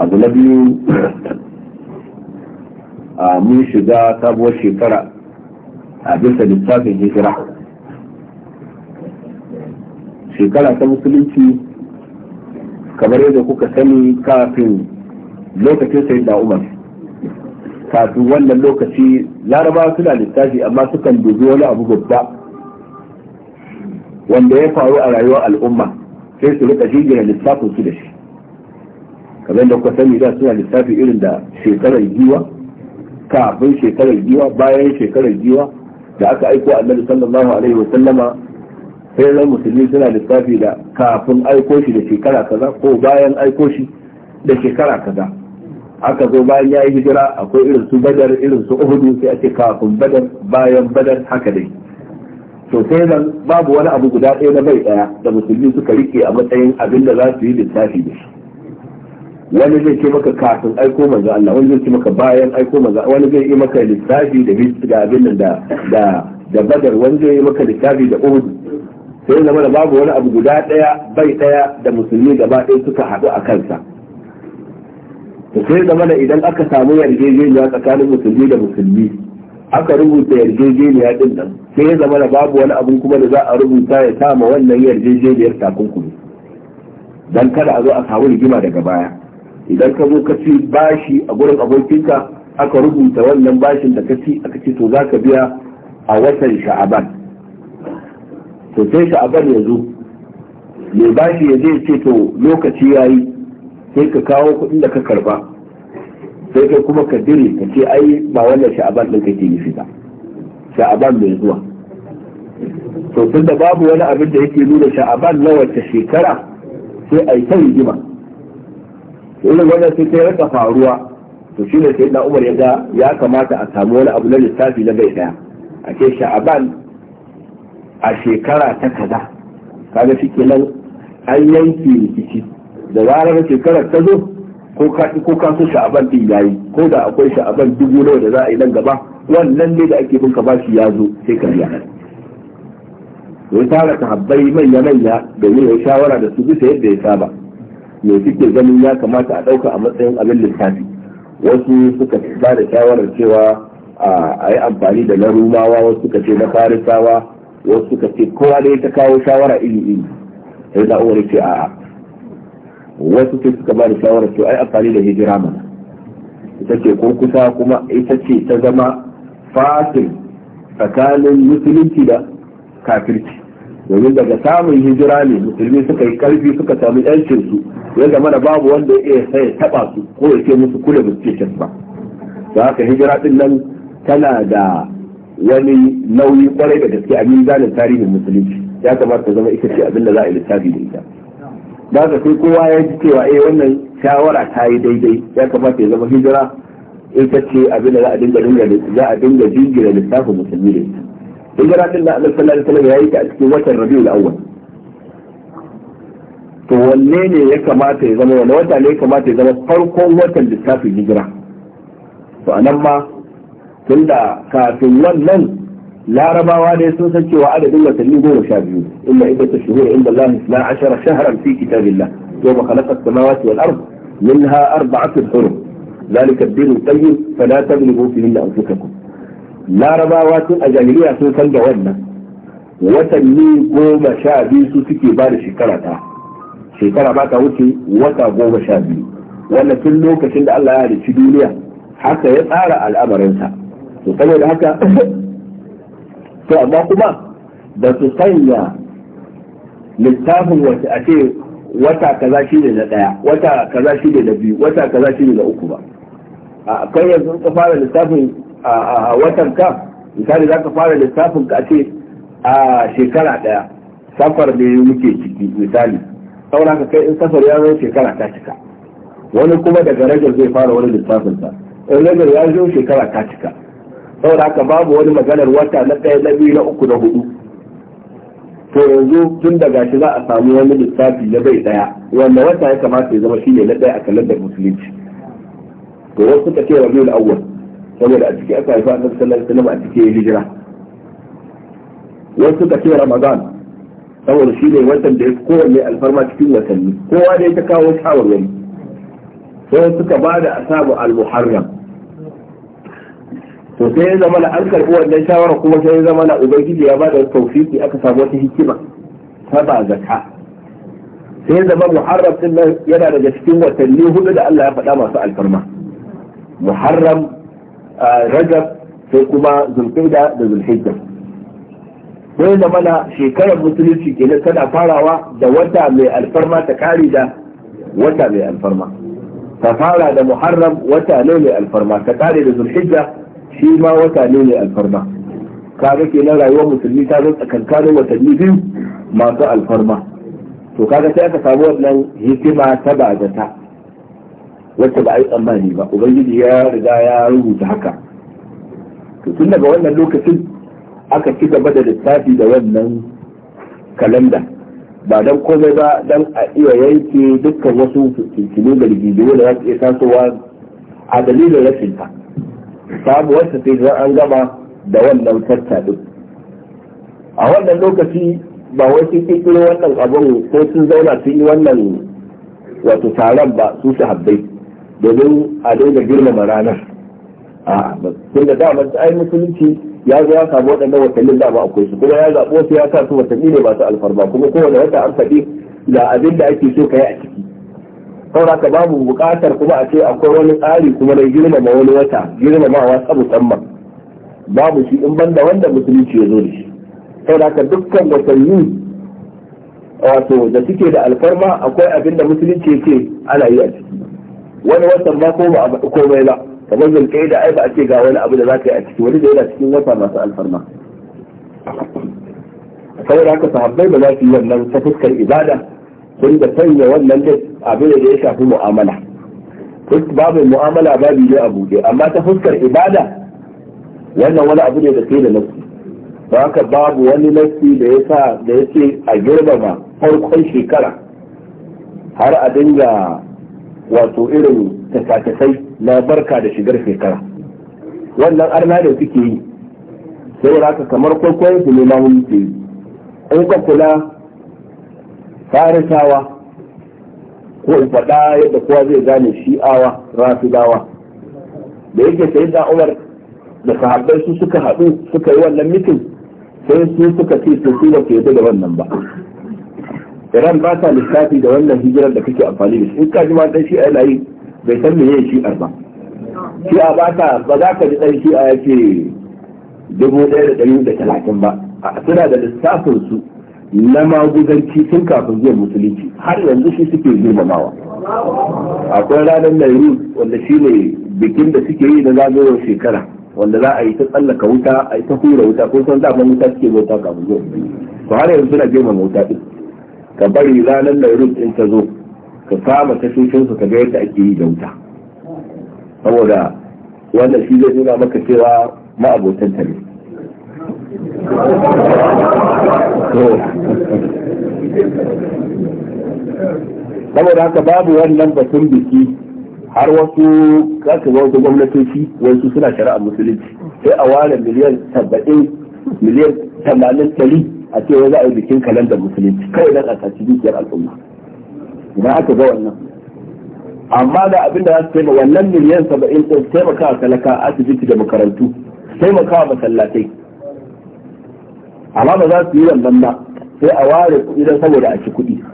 abu na biyu mun shiga sabuwar shekara a bisa lissafin hijira shekara ta musulunci kamar yadda kuka sani kafin lokacin sai da umar kafin wannan lokaci laraba suna lissafi amma sukan dubi wani abu babba wanda ya faru a rayuwar al'umma sai su rika jirgin littafin su da shi kamar da kuka sani da suna littafi irin da shekarar giwa kafin shekarar giwa bayan shekarar giwa da aka aiko annabi sallallahu alaihi wa sallama sai ran musulmi suna lissafi da kafin aiko shi da shekara kaza ko bayan aiko shi da shekara kaza aka zo bayan ya yi hijira akwai irin su badar irin su uhudu sai ake kafin badar bayan badar haka dai to sai nan babu wani abu guda ɗaya na bai ɗaya da musulmi suka rike a matsayin abin da za su yi lissafi da shi wani zai ce maka kafin aiko manzo Allah wani zai ce maka bayan aiko manzo wani zai yi maka lissafi da da abin nan da da da badar wani zai yi maka lissafi da uhud sai zama da babu wani abu guda daya bai daya da musulmi gaba ɗaya suka haɗu a kansa to sai zama da idan aka samu yarjejeniya tsakanin musulmi da musulmi aka rubuta yarjejeniya din nan sai zama da babu wani abu kuma da za a rubuta ya ma wannan yarjejeniyar takunkumi dan kada a zo a samu rigima daga baya idan ka zo ka ci bashi a gurin abokinka aka rubuta wannan bashin da ka ci aka ce to za ka biya a watan sha'aban to sai sha'aban ya zo mai bashi ya je ce to lokaci ya yi sai ka kawo kuɗin da ka karba sai kai kuma ka dire ka ce ai ba wannan sha'aban ɗin kake nufi ba sha'aban mai zuwa to tunda babu wani abin da yake nuna sha'aban na wacce shekara sai a yi ta rigima irin wannan sai ta rika faruwa to shi ne sai umar ya ga ya kamata a samu wani abu na lissafi na bai daya a ce sha'aban a shekara ta kaza kaga shi ke nan an yanki rikici da zarar shekarar ta zo ko ka so sha'aban din yayi ko da akwai sha'aban dubu nawa da za a yi nan gaba wannan ne da ake bin ka bashi ya zo sai ka biya ya tara ta habbai manya manya domin ya shawara da su bisa yadda ya saba me suke ganin ya kamata a ɗauka a matsayin abin lissafi wasu suka ba da shawarar cewa a yi amfani da na rumawa wasu suka ce na farisawa wasu suka ce kowa da ta kawo shawara iri iri sai za umar ce a'a wasu sai suka ba da shawarar cewa yi amfani da hijira mana ita ce ko kusa kuma ita ce ta zama fasil tsakanin musulunci da kafirci domin daga samun hijira ne musulmi suka yi karfi suka samu yancin su ya zama da babu wanda ya iya sai taba su ko ya ce musu kula ba ce ba da haka hijira din nan tana da wani nauyi kwarai da gaske a mizanin tarihin musulunci ya kamata ta zama ita ce abin da za a yi lissafi da ita da haka sai kowa ya ji cewa eh wannan shawara ta yi daidai ya kamata ya zama hijira ita ce abin da za a dinga za lissafin musulmi da ita هجرة للسنة الثانية هي تأتي وقت الربيع الأول تولين يكمات زمان ونوات عليه كمات زمان فرق وقت الدساف الهجرة فأنما تلدى كافي ومن لا ربا وعليه سنسا شوى عدد الله تلين دون شابيو إلا إذا تشهور عند الله مثلا عشر شهرا في كتاب الله يوم خلق السماوات والأرض منها أربعة الحرم ذلك الدين الطيب فلا تغلبوا فيهن أنفسكم larabawa tun a jahiliya sun san da wannan watanni goma sha biyu su suke ba da shekara ta shekara ba ta wuce wata goma sha biyu wannan tun lokacin da Allah ya halicci duniya haka ya tsara al'amarinsa to saboda haka to amma kuma da su sanya littafin wata a ce wata kaza shi ne na ɗaya wata kaza shi ne na biyu wata kaza shi ne na uku ba a kai yanzu ka fara littafin a watan ka misali za ka fara lissafin ka ce a shekara ɗaya safar ne muke ciki misali saura ka kai in safar ya zo shekara ta cika wani kuma daga rajar zai fara wani lissafin sa in rajar ya zo shekara ta cika saura haka babu wani maganar wata na ɗaya na biyu na uku na hudu to yanzu tun da gashi za a samu wani lissafi na bai ɗaya wanda wata ya kamata ya zama shi ne na ɗaya a kalandar musulunci to wasu suka ce rabiul awwal saboda a ciki aka haifa annabi sallallahu alaihi wasallam a cikin ya hijira wasu suka ce ramadan saboda shi ne watan da ya fi kowanne alfarma cikin watanni kowa ne ta kawo shawarwari sai suka ba da asabu al-muharram to sai ya zama na an karɓi wannan shawara kuma sai ya zama na ubangiji ya ba da taufiki aka samu wata hikima ta ba zaka sai ya zama muharram din nan yana daga cikin watanni hudu da Allah ya faɗa masu alfarma muharram rajab sai kuma zulqa'da da zulhijja sai da mana shekarar musulunci kenan tana farawa da wata mai alfarma ta kare da wata mai alfarma ta fara da muharram wata ne mai alfarma ta kare da zulhijja shi ma wata ne mai alfarma kaga kenan rayuwar musulmi ta zo tsakankanin watanni biyu masu alfarma to kaga sai aka samu wannan hikima ta bazata wacce ba a yi tsammani ba ubangiji ya riga ya rubuta haka to tun daga wannan lokacin aka ci gaba da lissafi da wannan kalanda ba don komai ba don a iya yanke dukkan wasu fitintinu da rigidiyo da za su iya tasowa a dalilin rashin ta samu wacce sai an gama da wannan tattaɗin a wannan lokaci ba wai sun kirkiro wannan abin ko sun zauna sun yi wannan wato taron ba su su habbai domin a daina girmama ranar a tun da dama ai musulunci ya zo ya samu waɗannan watannin dama akwai su kuma ya zaɓi wasu ya sa su watanni ne masu alfarma kuma kowane wata an faɗi da abin da ake so ka yi a ciki saboda ka babu buƙatar kuma a ce akwai wani tsari kuma na girmama wani wata girmamawa ta musamman babu shi in banda wanda musulunci ya zo da shi saboda ka dukkan watanni wato da suke da alfarma akwai abin da musulunci ce ana yi a ciki wani watan ba ko ba komai ba kamar zulkai da ai ba a ce ga wani abu da za ka yi a ciki wani da yana cikin wata masu alfarma da haka sahabbai ba za su yi wannan ta fuskar ibada sun da sanya wannan duk abin da ya shafi mu'amala babu mu'amala babu ne a buɗe amma ta fuskar ibada wannan wani abu ne da sai da nasu ba haka babu wani nasu da ya sa da ya ce a girmama farkon shekara har a dinga wato irin takatakai na barka da shigar shekara wannan arna da suke yi sai raka kamar kwaikwayon su ne ma yi in ka kula farisawa ko in faɗa yadda kowa zai gane shi'awa rafidawa da yake sai da umar da sahabbai su suka haɗu suka yi wannan mitin sai su suka ce su su ba ke da wannan ba iran ba ta lissafi da wannan hijirar da kake amfani da shi in ka ji ma dan shi'a yana yi bai san meye shi'ar ba shi'a ba ta ba za ka ji dan shi'a ya ce dubu ɗaya da ɗari da talatin ba suna da lissafin su na maguzanci tun kafin zuwa musulunci har yanzu shi suke girmamawa akwai ranar nairu wanda shi ne bikin da suke yi na zagayowar shekara wanda za a yi ta tsallaka wuta a yi ta hura wuta ko san daman wuta suke bauta kafin zuwa to har yanzu suna girmama wuta din ka bari ranar nauruz din ta zo ka kama su ka ga yadda ake yi da wuta saboda wannan shi zai nuna maka cewa ma'abotan ta ne saboda haka babu wannan batun biki har wasu kaka wasu gwamnatoci wasu suna shari'ar musulunci sai a ware miliyan saba'in miliyan tamanin ɗari a cewa za a yi bikin kalandar musulunci kawai don a dukiyar al'umma idan aka ga wannan amma da abin da za su taimaka wannan miliyan saba'in ɗin taimaka wa talaka asibiti da makarantu taimaka wa masallatai amma ba za su yi wannan ba sai a ware kuɗi don saboda a ci kuɗi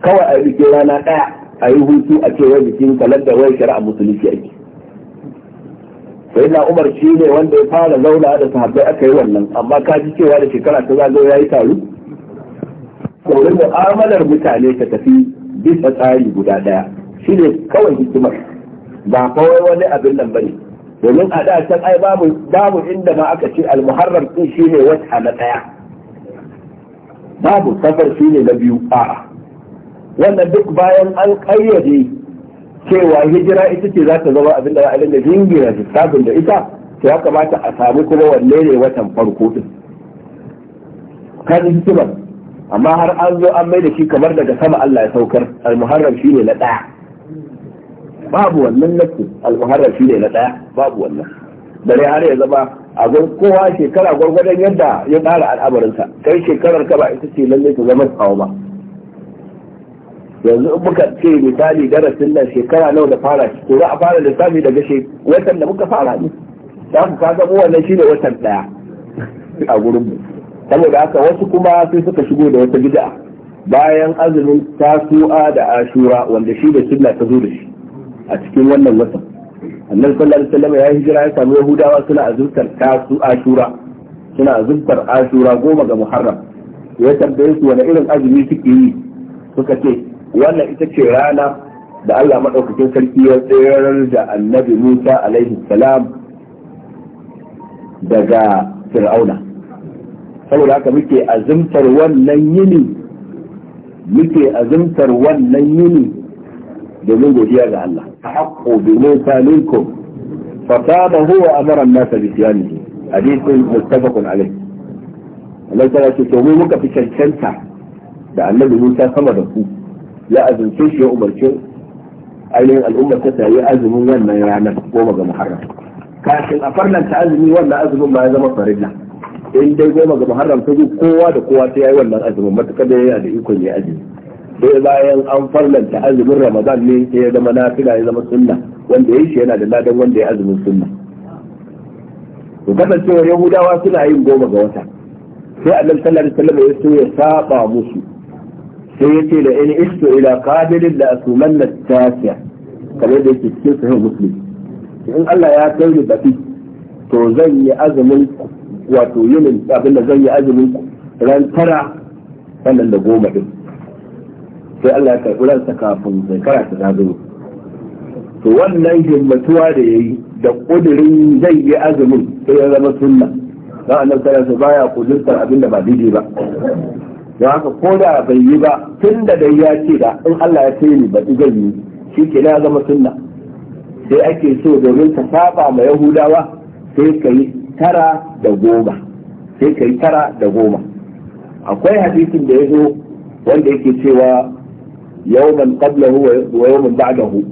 kawai a yi bikin rana ɗaya a yi hutu a ce bikin kalandar wai shari'a musulunci ake sai na umar shi ne wanda ya fara zauna da sahabbai aka yi wannan amma ka ji cewa da shekara ta zagayo ya yi taru domin mu'amalar mutane ta tafi bisa tsari guda daya shi ne kawai hikimar ba kawai wani abin nan bane domin a da can ai babu babu inda ma aka ce almuharram muharram din shi ne wata na daya babu safar shi ne na biyu a'a wannan duk bayan an kayyade cewa hijira ita ce za ta zama abin da ra'ayin da jingina lissafin da ita to ya kamata a sami kuma wanne ne watan farko din kan hikimar amma har an zo an mai da shi kamar daga sama Allah ya saukar al-muharram shine na daya babu wannan nafi al-muharram shine na daya babu wannan dare har ya zama a kowa shekara gwargwadon yadda ya tsara al'amarinsa kai shekarar ka ba ita ce lallai ta zama tsawo ba yanzu in muka ce misali darasin nan shekara nawa da fara shi to za a fara lissafi daga watan da muka fara ne za ku ka gamo wannan shine watan daya a gurin mu saboda haka wasu kuma sai suka shigo da wata bid'a bayan azumin tasu'a da ashura wanda shi da sunna ta zo da shi a cikin wannan watan annabi sallallahu alaihi wasallam ya hijira ya samu yahudawa suna azurtar tasu'a ashura suna azurtar ashura goma ga muharram ya tambaye su wani irin azumi suke yi suka ce wannan ita ce rana da Allah maɗaukakin sarki ya tsirar da annabi Musa alaihi salam daga Fir'auna. Saboda haka muke azumtar wannan yini muke azumtar wannan yini domin godiya ga Allah. Haqqu bi Musa minkum fataba huwa amara an-nas bi siyamihi. Hadithun muttafaqun alayh. Allah ta ce to mu muka fi cancanta da annabi Musa sama da ku. ya azumce shi ya umarci ainihin al'ummar ta tayi azumin wannan ranar goma ga muharram kafin a farlanta azumi wannan azumin ma ya zama farilla in dai goma ga muharram ta kowa da kowa ta yi wannan azumin matukar da yana da ikon ya azumi sai bayan an farlanta azumin ramadan ne sai ya zama nafila ya zama sunna wanda ya shi yana da ladan wanda ya azumin sunna to kasancewar yahudawa suna yin goma ga wata sai annabi sallallahu alaihi wasallam ya so ya saba musu sai ya ce da in istu ila qabilin la asumanna tasiya kamar da yake cikin sahih muslim in Allah ya kai ni bafi to zan yi azumin wato yinin abin da zan yi azumin ran tara sannan da goma din sai Allah ya karɓi ransa kafin shekara ta zagayo to wannan himmatuwa da ya yi da kudirin zai yi azumin sai ya zama sunna dan annabi sallallahu alaihi wasallam baya kudurtar abin da ba daidai ba don haka ko da bai yi ba tun da dai ya ce da in Allah ya ce ni ba zan yi shi ke na zama sunna sai ake so domin ka saba ma yahudawa sai ka yi tara da goma sai ka tara da goma akwai hadisin da ya zo wanda yake cewa yawman qablahu wa yawman ba'dahu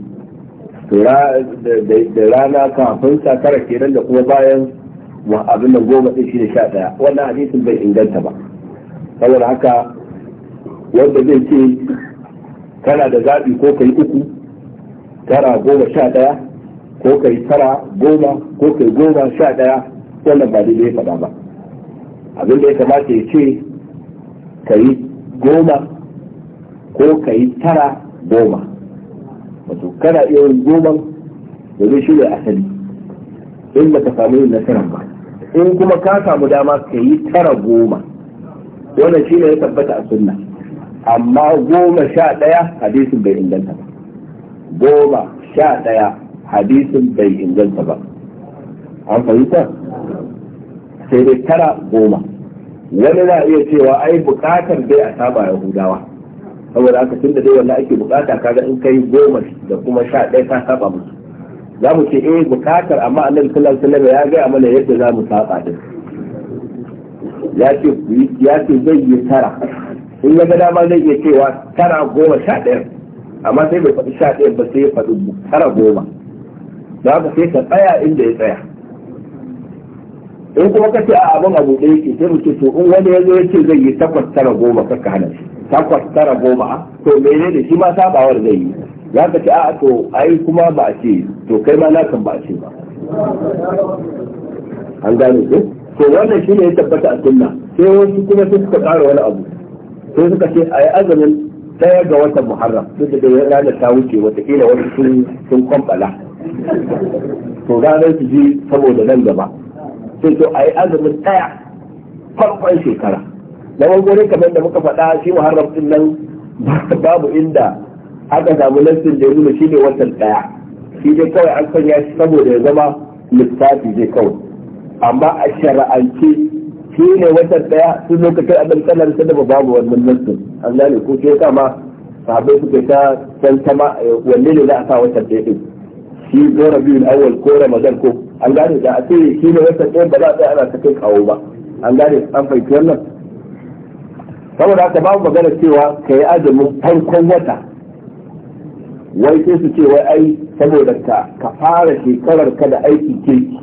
da rana kafin sa tara kenan da kuma bayan wa abin da goma din shi da sha daya wannan hadisin bai inganta ba saboda haka wanda zai ce kana da zaɓi ko kai uku tara goma sha ɗaya ko kai tara goma ko kai goma sha ɗaya wannan ba daidai ya faɗa ba abin da ya kamata ya ce ka goma ko ka tara goma wato kana iya yin goma da shi ne asali in ba ka samu yin nasarar ba in kuma ka samu dama ka yi tara goma wannan shi ne ya tabbata a sunna amma goma sha ɗaya hadisin bai inganta ba goma sha ɗaya hadisin bai inganta ba an fahimta sai dai tara goma wani na iya cewa ai bukatar dai a saba yahudawa saboda haka tunda dai wanda ake bukata kaga in kai goma da kuma sha ɗaya ka saba musu za mu ce eh bukatar amma annabi sallallahu alaihi wasallam ya gaya mana yadda za mu saba din ya ce ya ce zai yi tara in ya ga dama zai iya cewa tara goma sha ɗaya amma sai bai faɗi sha ɗaya ba sai ya faɗi tara goma da haka sai ka tsaya inda ya tsaya in kuma ka ce a abin abu ɗaya ke sai mutum to in wani ya zo ya ce zai yi takwas tara goma kakka hana shi takwas tara goma to mene ne shi ma sabawar zai yi za ka ce a to ai kuma ba a ce to kai ma na kan ba a ce ba an gane ku to wannan ne ya tabbata a sunna sai wasu kuma sai suka ƙara wani abu sai suka ce a yi azumin ɗaya ga watan muharram duk da ranar ta wuce watakila wasu sun sun kwamfala to ranar su ji saboda nan gaba sai to a yi azumin ɗaya farkon shekara na wani kamar da muka faɗa shi muharram ɗin nan babu inda aka samu lantin da ya nuna shi ne watan ɗaya shi dai kawai an sanya shi saboda ya zama lissafi zai kawai amma a shara'ance shi ne watan daya sun lokacin a sallallahu alaihi wasallam babu wannan nasu an gane ko sai kama sahabbai suka ta tantama eh, wanne ne za a sa wata daya din shi ko rabiul awwal ko ramadan ko an gane da a ce shi ne watan daya ba za a tsaya ana ta kai kawo ba an gane an fahimci wannan saboda haka babu magana cewa ka yi azumin farkon wata wai sai su ce wai ai saboda ka fara shekarar ka da aiki kirki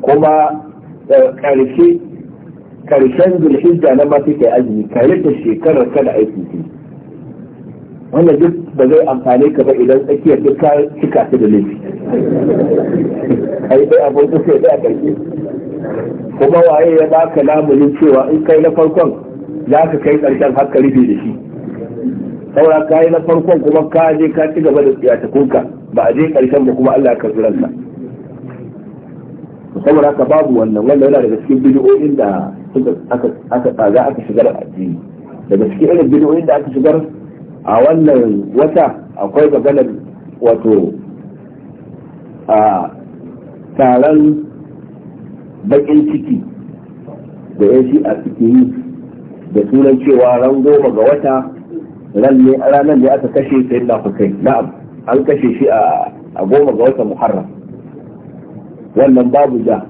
kuma karshen eh, ƙarshen zulhijja na mafi kai azumi ka da shekarar kada aiki ce wannan duk ba zai amfane ka ba idan tsakiyar duk ka cika su da laifi ai dai abin duk sai a ƙarshe kuma waye ya baka lamunin cewa in kai na farkon za ka kai karshen haka rufe da shi saura ka yi na farkon kuma ka je ka ci gaba da tsiyatakunka ba a je karshen ba kuma Allah ya karɓi ranka saboda haka babu wannan wannan yana daga cikin bidiyoyin da aka tsaga aka shigar addini daga cikin irin bidiyoyin da aka shigar a wannan wata akwai maganar wato a taron bakin ciki da ya shi a suke yi da sunan cewa ran goma ga wata ranar ne aka kashe sai na hussein na'am an kashe shi a goma ga wata muharram wannan babu ja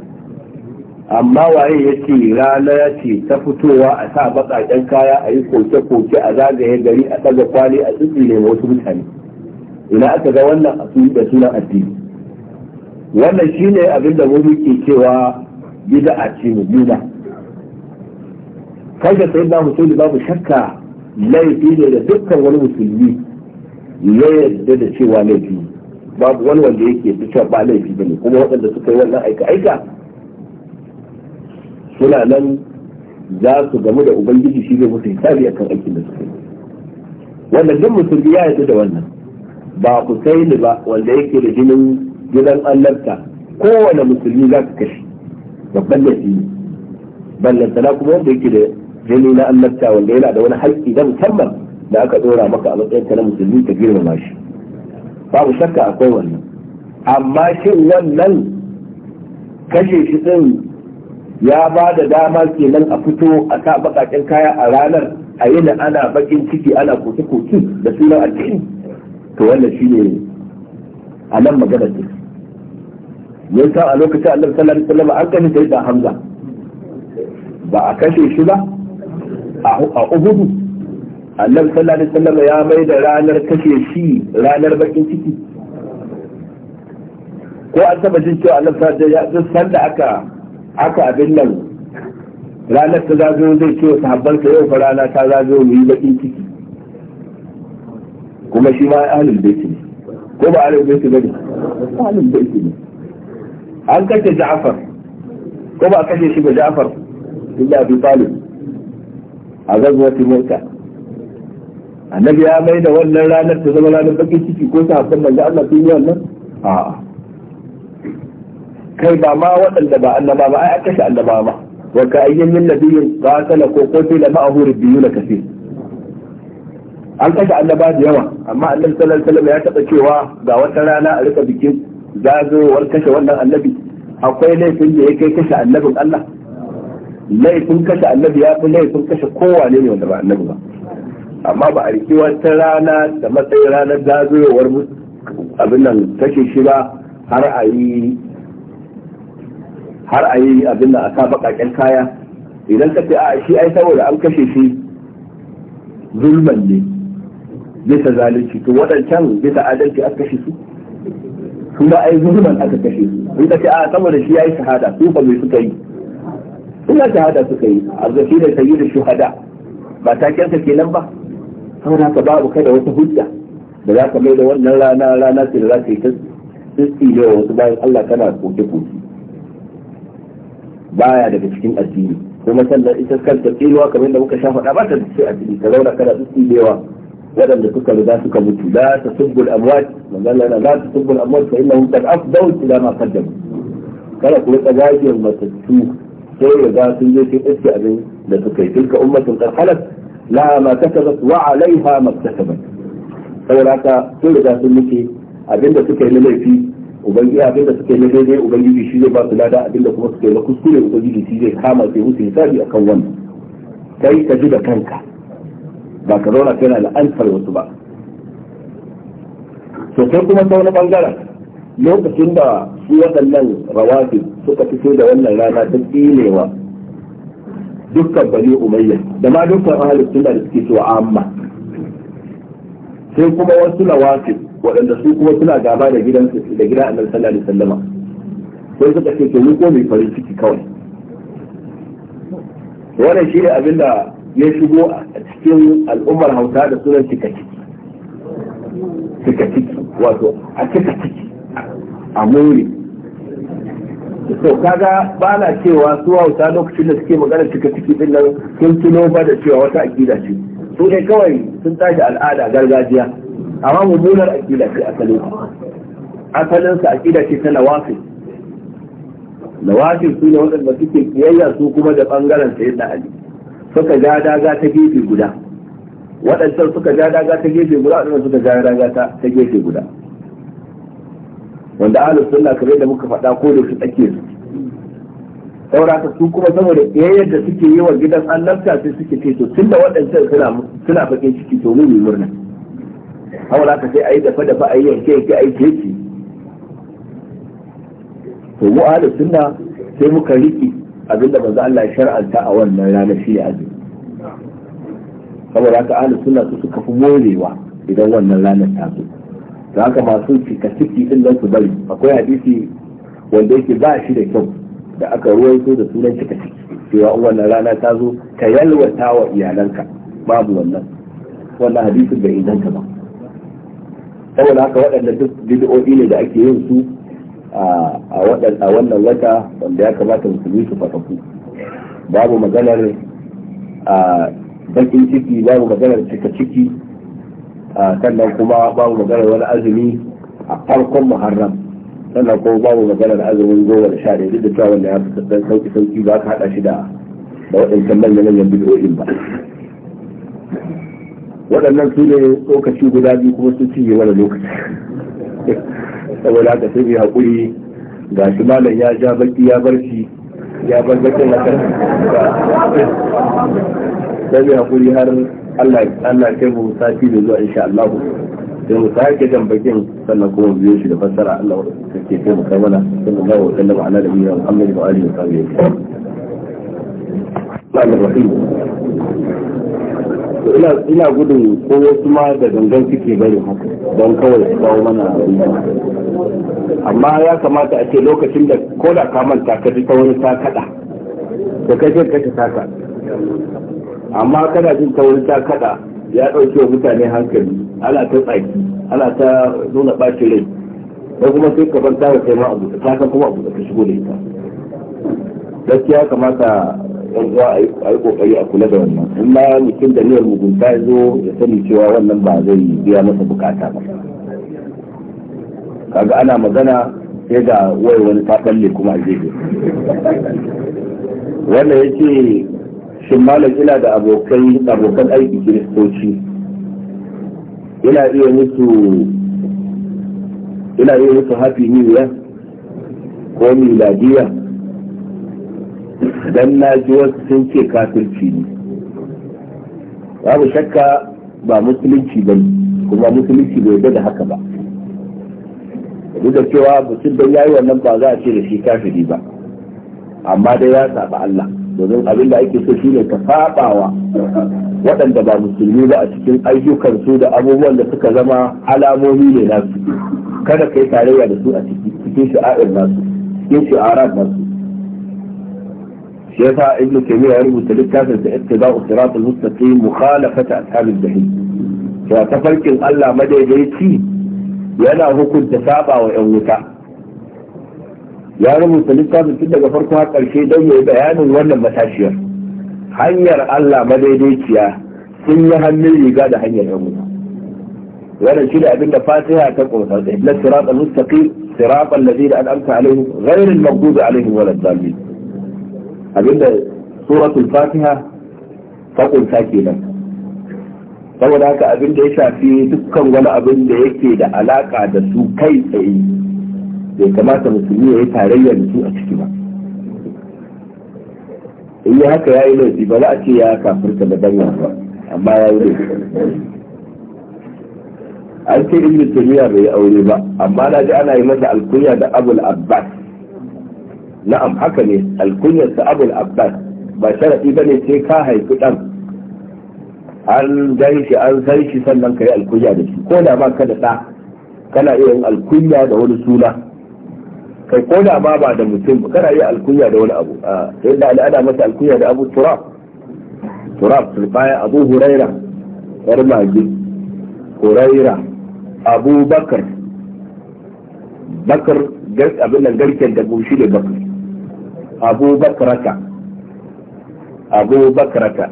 amma waye ya ce rana ce ta fitowa a sa baƙaƙen kaya a yi koke-koke a zagaye gari a ɗaga kwali a tsitsi ne wasu mutane ina aka ga wannan a da sunan addini wannan shine abin da mu ke cewa bid'a ce mu bid'a kai da sai ba musulmi babu shakka laifi ne da dukkan wani musulmi ya yarda da cewa laifi babu wani wanda yake duka ba laifi bane kuma waɗanda suka yi wannan aika aika suna nan za su gamu da ubangiji shi zai musu hisabi akan aikin da suka yi wannan duk musulmi ya yarda da wannan ba ku sai ni ba wanda yake da jinin gidan allarta kowane musulmi za ka kashe babban laifi ne ballantana kuma wanda yake da jini na allarta wanda yana da wani haƙƙi na musamman da aka ɗora maka a matsayinka na musulmi ka girmama shi babu shakka akwai wannan amma shin wannan kashe shi din ya ba da dama kenan a fito a sa bakakin kaya a ranar a yi da ana bakin ciki ana koke-koke da sunan addini to wannan ne a nan magana ce sa a lokacin annabi sallallahu alaihi wasallam an kashe sai da hamza ba a kashe shi ba a ubudu annabi sallallahu alaihi wasallam ya mai da ranar kashe shi ranar bakin ciki ko an taba jin cewa annabi sallallahu alaihi wasallam ya san da aka aka abin nan ranar ta zazo zai ce wa sahabban ka yau fa rana ta zazo mu yi bakin ciki kuma shi ma ahlul bait ne ko ba ahlul bait ba ne ahlul bait ne an kace Ja'far ko ba kace shi ba Ja'far illa bi Talib a gazwatul mota. annabi ya mai da wannan ranar ta zama ranar bakin ciki ko sahabban manzo Allah sun yi wannan a'a kai ba ma waɗanda ba annaba ba ai aka shi annaba ba wa ka ayyin min nabiyyin qatala ko qutila ma'ahu na kaseer an kashe annaba da yawa amma annabi sallallahu alaihi wasallam ya taɓa cewa ga wata rana a rika bikin zagayowar kashe wannan annabi akwai laifin da ya kai kashe annabin Allah laifin kashe annabi ya fi laifin kashe kowa ne wanda ba annabi ba amma ba a riki wata rana da matsayin ranar zagayowar abin nan kashe shi ba har a yi har a yi abin da a sa baƙaƙen kaya idan ka ce a shi ai saboda an kashe shi zulman ne bisa zalunci to waɗancan bisa adalci aka kashe su su ba ai zulman aka kashe su in ka ce a saboda shi ya yi shahada su fa mai suka yi ina shahada suka yi A zafi da sayi da shuhada ba ta kyansa kenan ba saboda haka babu kada wata hujja da za ka mai da wannan rana rana ce da za ka yi ta tsitsi wa wasu bayan Allah kana koke koke baya daga cikin addini kuma sannan ita kanta tsinuwa kamar da muka sha faɗa ba ta da cikin addini ka zauna kana tsitsi yawa waɗanda suka riga suka mutu la tasubbul amwat manzon Allah la tasubbul amwat fa innahum qad afdaw ila ma qaddamu kada ku rika gajiyar matattu sai ya ga sun je sun iske abin da suka yi tilka ummatun qad khalat laha ma kasabat wa alaiha ma kasabat saboda haka sun riga sun muke abinda suka yi na laifi ubangiji abinda suka yi na daidai ubangiji shi zai ba su lada abinda kuma suka yi na kuskure ubangiji shi zai kama sai musu hisabi akan wannan kai ka ji da kanka ba ka zauna kana la'antar wasu ba to kai kuma ta wani bangaren lokacin da su waɗannan rawafin suka fito da wannan rana ta tsinewa dukkan bani umayya da ma dukkan ahli sunna da suke cewa amma sai kuma wasu lawafi waɗanda su kuma suna gaba da gidan da gidan annabi sallallahu alaihi wasallama sai suka ce to mu ko mai farin ciki kawai wannan shi ne abin da ya shigo a cikin al'ummar hausa da sunan cika ciki cika ciki wato a cika ciki a muri to kaga ba na cewa su wauta lokacin da suke magana cika ciki din nan sun tuno ba da cewa wata akida ce su dai kawai sun tashi al'ada gargajiya amma mummunar akida ce asalin asalin sa akida ce ta nawafi nawafi su ne waɗanda suke kiyayya su kuma da bangaren da ali suka ja daga ta gefe guda waɗancan suka ja daga ta gefe guda waɗannan suka ja daga ta gefe guda wanda ahalus sunna kamar da muka faɗa ko da su ake su sauraka su kuma saboda ɗaya yadda suke yi wa gidan annabta sai suke ce to tunda waɗancan suna suna fakin ciki to mu yi murna haura ka sai ayi dafa dafa ayi yanke yanke ayi keke to mu ahalus sunna sai muka riki abinda manzo Allah ya shar'anta a wannan rana shi ne azu saboda haka ahalus sunna su suka fi morewa idan wannan ranar ta zo da haka masu cika ciki din nan su bari akwai hadisi wanda yake ba shi da kyau da aka ruwaito da sunan cika ciki cewa wannan rana ta zo ka yalwata wa iyalanka babu wannan wannan hadisin bai inganta ba saboda haka waɗanda duk bid'o'i ne da ake yin su a wannan wata wanda ya kamata musulmi su fasafu babu maganar bakin ciki babu maganar cika ciki sannan kuma babu maganar wani azumi a farkon muharram sannan kuma babu maganar azumin goma da sha ɗaya duk da cewa wanda ya fi dan sauki sauki ba ka haɗa shi da da waɗancan manyan manyan bidiyoyin ba waɗannan su ne lokaci guda biyu kuma sun cinye wani lokaci saboda haka sai mai haƙuri ga shi malam ya ja baki ya bar shi ya bar bakin na kan sai mai haƙuri har Allah Allah kai mu sati da zuwa insha Allah sai mu sake jan bakin sannan kuma biyo shi da fassara Allah ya kake kai mu kai mana sallallahu alaihi wa sallam ala nabiyina Muhammad wa alihi wa sahbihi Allahumma rahim ina ina gudun ko wasu ma da dangan suke bari haka don kawai su kawo mana amma ya kamata a ce lokacin da ko da ka manta ka ji ta wani ta kada ka kai ka ta saka amma kana jin taurin ta kada ya ɗauke wa mutane hankali ana ta tsaki ala ta nuna ɓacin rai ko kuma sai ka banta ka kaima abu ta kan kuma abu ka shigo da ita gaskiya kamata yan uwa a yi kokari a kula da wannan in ma mutum da niyyar mugunta ya zo ya sani cewa wannan ba zai biya masa bukata ba kaga ana magana sai ga wai wani ta ne kuma a jeje wannan yace shin malam ina da abokai abokan aiki kiristoci ina iya musu ina iya musu happy new year ko miladiya dan na ji wasu sun ce kafirci ne babu shakka ba musulunci ba kuma musulunci bai yarda da haka ba duk da cewa mutum don yayi wannan ba za a ce da shi kafiri ba amma dai ya saba Allah domin abin da ake so shine ka sabawa waɗanda ba musulmi ba a cikin ayyukan su da abubuwan da suka zama alamomi ne nasu kada kai tarayya da su a cikin sha'a'ir nasu cikin shi'arar nasu shi yasa ibn taymiya ya rubuta littafin sa ittiba'u siratal mustaqim mukhalafata ashabil jahim to ta tafarkin Allah madaidaici yana hukunta saba wa 'yan wuta ya rubuta littafin tun daga farko har karshe don yi bayanin wannan matashiyar hanyar Allah madaidaiciya sun yi hannun riga da hanyar yan wuta wannan shi da abin da fatiha ta kosa da ibn sirat al-mustaqim sirat alladhi an'amta alaihim ghayr al-maghdubi alaihim wal dhalin abinda suratul fatiha ta kosa kenan saboda haka abin da ya shafi dukkan wani abin da yake da alaka da su kai tsaye bai kamata musulmi ya yi tarayya da su a ciki ba in yi haka ya yi laifi ba za a ce ya kafirta da ba amma ya yi laifi an ce ibn taymiya bai yi aure ba amma na ji ana yi masa alkunya da abul abbas na'am haka ne alkunyar sa abul abbas ba ba bane sai ka haifi dan an gan an san shi sannan ka yi alkunya da shi ko da ba ka da ɗa kana iya yin alkunya da wani suna kai ko da ma ba da mutum kana yi alkunya da wani abu a ah, yadda al'ada masa alkunya da abu turab turab sulfaya abu huraira yar magi huraira abu bakar bakar abin nan garken da gushi da bakar abu bakarata abu bakarata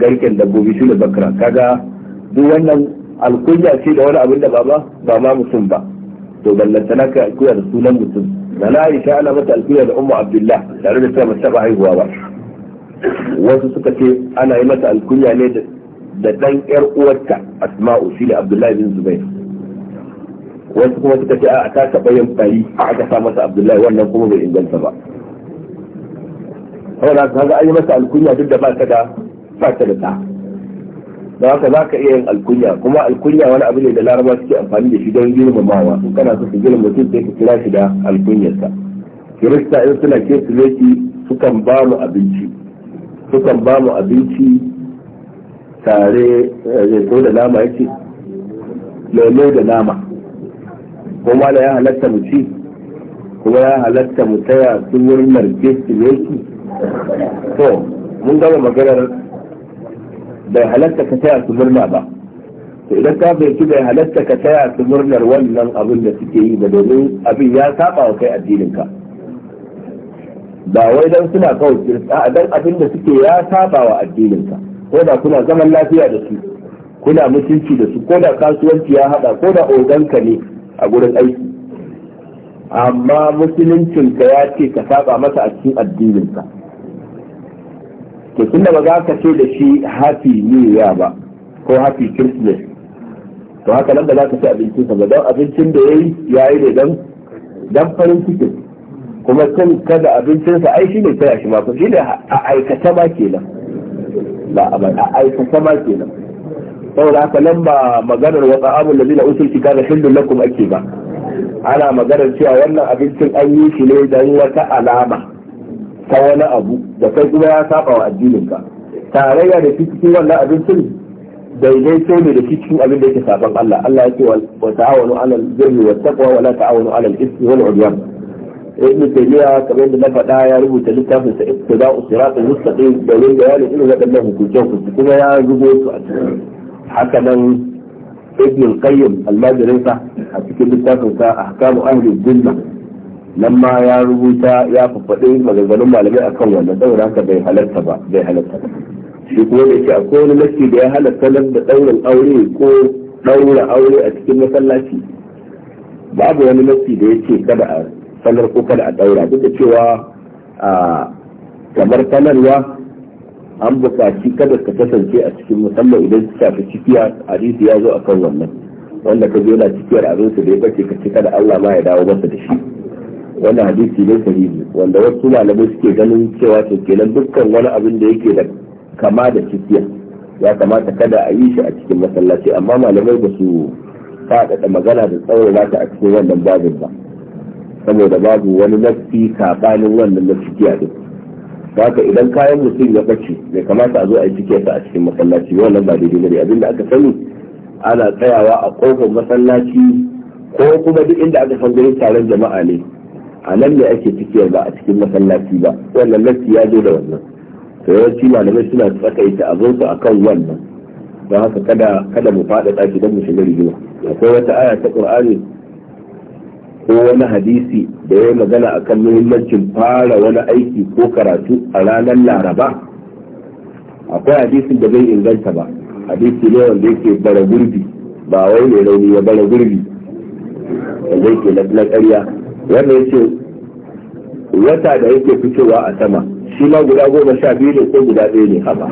garken dabbobi shi da bakara kaga duk wannan alkunya ce da wani abin da ba ba ma mutum ba to ballantana ka alkunya da sunan mutum da malaika ana mata alkunya da umma abdullah tare da cewa ta ba haihuwa ba wasu suka ce ana yi mata alkunya ne da dan yar uwarta asma'u shi ne abdullahi bin zubair wasu kuma suka ce a ta taɓa yin fari aka sa masa abdullahi wannan kuma bai inganta ba saboda haka an yi masa alkunya duk da ba ta da ba ta da ta da haka za ka iya yin alkunya kuma alkunya wani abu ne da laraba suke amfani da shi don girmamawa in kana so su girma mutum sai ka kira shi da alkunyarsa kirista in suna zai sukan ba mu abinci sukan ba mu abinci tare eh, ko da nama ya ce lele da nama kuma da ya halatta mu ci kuma ya halatta mu taya su murnar kirsimeti to mun gama maganar bai halatta ka taya su murna ba to idan ka su bai halatta ka taya su murnar wannan abin da suke yi ba domin abin ya saba wa kai addinin ka ba wai dan suna kawai a dan abin da suke ya saba wa addinin ka ko da kuna zaman lafiya da su kuna mutunci da su ko da kasuwanci ya hada ko da oganka ne a gurin aiki amma musuluncinka ya ce ka saba masa a cikin addininka to tunda ba za ka ce da shi happy new year ba ko happy christmas to haka nan da za ka ci abincinsa ba don abincin da ya yi ya yi ne don dan farin cikin kuma cin kada abincinsa ai shi ne a shi ma shi ne a aikata ma kenan ba a aikata ma kenan saboda haka nan ba maganar wata abun da zina usul kika da hillun lakum ake ba ana maganar cewa wannan abincin an yi shi ne dan wata alama ta wani abu da kai kuma ya saba wa addininka tarayya da cikin wannan abin sun abincin daidaito ne da cikin abin da yake saban Allah Allah yake wa ta'awanu 'alal birri wa taqwa wa la ta'awanu 'alal ismi wal 'udwan ibn tayyiba kamar da na faɗa ya rubuta littafin sa ibtida usirat al mustaqim da wani bayanin irin waɗannan hukunce hukunce kuma ya rubo su a cikin haka nan ibn qayyim al-majrin a cikin littafin sa ahkamu ahli dhimma nan ma ya rubuta ya fafaɗe maganganun malamai akan wannan saboda haka bai halarta ba bai halarta shi kuma da ke akwai wani nasi da ya halarta nan da ɗaurin aure ko ɗaura aure a cikin masallaci babu wani nasi da ya ce kada a sanar ko kada a ɗaura duk da cewa a kamar sanarwa an buƙaci kada ka kasance a cikin musamman idan ta shafi cikiya hadisi ya zo akan wannan wanda ka zo na cikiyar abinsu da ya bace ka ce kada Allah ma ya dawo masa da shi wani hadisi ne sahihi wanda wasu malamai suke ganin cewa to kenan dukkan wani abin da yake da kama da cikiya ya kamata kada a yi shi a cikin masallaci amma malamai ba su faɗaɗa magana da tsaurara ta a cikin wannan babin ba saboda babu wani nafi saɓanin wannan na cikiya din haka idan kayan mutum ya ɓace bai kamata a zo a yi cikiyarsa a cikin masallaci wannan ba daidai ne abinda aka sani ana tsayawa a kofar masallaci ko kuma duk inda aka san gurin taron jama'a ne a nan ne ake cikiyar ba a cikin masallaci ba wannan lafi ya zo da wannan to yawanci malamai suna tsakaita abin su akan wannan don haka kada kada mu faɗa ɗaki don mu shiga rigima akwai wata aya ta qur'ani ko wani hadisi da ya magana akan muhimmancin fara wani aiki ko karatu a ranar laraba akwai hadisin da bai inganta ba hadisi ne wanda yake bara gurbi ba wai mai rauni ya bara gurbi wanda yake na ƙarya wanda ya ce wata da yake fitowa a sama shi ma guda goma sha biyu ne ko guda ɗaya ne haba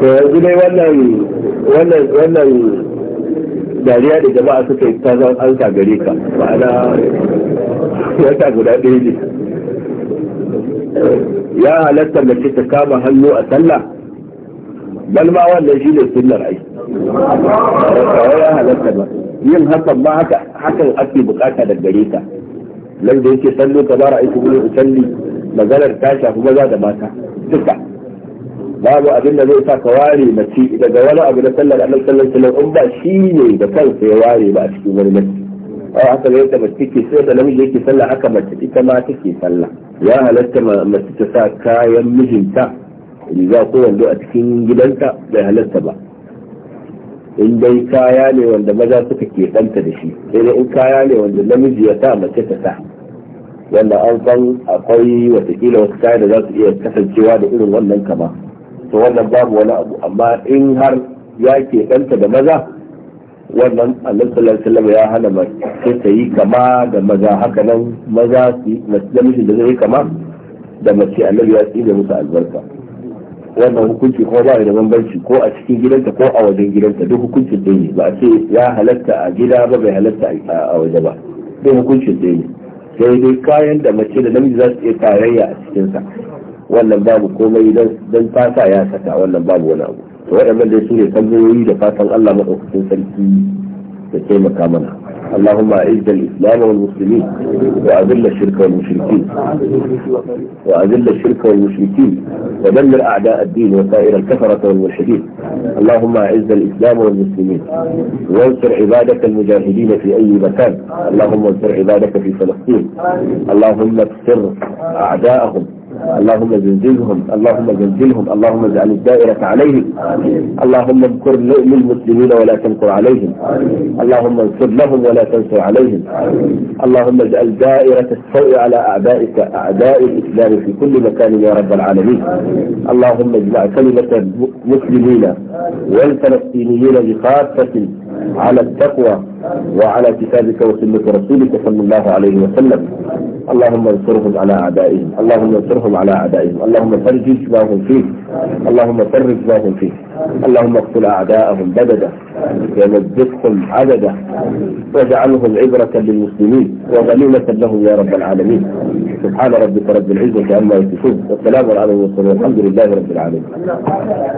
to yanzu dai wannan wannan wannan dariya da jama'a suka yi ta zan an gare ka ma'ana wata guda ɗaya ne ya halatta mace ta kama hannu a sallah bal ma wannan shi ne sunnar ai kawai ya halatta ba yin hakan ma haka hakan ake bukata da gare ka nan da yake sallo ka bara aiki gudu usalli maganar ta shafi maza da mata duka babu abin da zai sa ka ware mace daga wani abu na sallar annabi sallallahu alaihi wasallam in ba shi ne da kansa ya ware ba a cikin wani mace ai haka ne da mace ke sai da namiji yake sallah haka mace ita ma take sallah ya halatta mace ta sa kayan mijinta riga ko wando a cikin gidanta bai halatta ba in dai kaya ne wanda maza suka ke danta da shi sai dai in kaya ne wanda namiji ya sa mace ta sa wanda an san akwai watakila wasu kaya da za su iya kasancewa da irin wannan kama to wannan babu wani abu amma in har ya ke danta da maza wannan annabi sallallahu alaihi ya hana mace ta yi kama da maza haka nan maza su namiji da zai kama da mace annabi ya da musu albarka wannan hukunci kuma ba da bambanci ko a cikin gidanta ko a wajen gidanta duk hukuncin ɗaya ne ba a ce ya halatta a gida ba bai halatta a waje ba duk hukuncin ɗaya ne sai dai kayan da mace da namiji za su iya tarayya a cikinsa wannan babu komai don ta sa ya saka wannan babu wani abu waɗannan dai su ne tambayoyi da fatan Allah maɗaukakin sarki da taimaka mana اللهم أعز الإسلام والمسلمين وأذل الشرك والمشركين وأذل الشرك والمشركين ودمر أعداء الدين وسائر الكفرة والملحدين اللهم أعز الإسلام والمسلمين وانصر عبادك المجاهدين في أي مكان اللهم انصر عبادك في فلسطين اللهم اكسر أعداءهم اللهم زلزلهم اللهم زلزلهم اللهم اجعل الدائرة عليهم اللهم انكر للمسلمين ولا تنكر عليهم اللهم انصر لهم ولا تنصر عليهم اللهم اجعل دائرة السوء على أعدائك أعداء الإسلام في كل مكان يا رب العالمين اللهم اجمع كلمة المسلمين والفلسطينيين بخاصة على التقوى وعلى كتابك وسنة رسولك صلى الله عليه وسلم اللهم انصرهم على أعدائهم اللهم انصرهم على أعدائهم اللهم فرج ما هم فيه اللهم فرج ما هم فيه اللهم اقتل أعداءهم بددا ومزقهم عددا واجعلهم عبرة للمسلمين وغنيمة لهم يا رب العالمين سبحان ربك رب العزة عما يصفون والسلام على المرسلين والحمد لله رب العالمين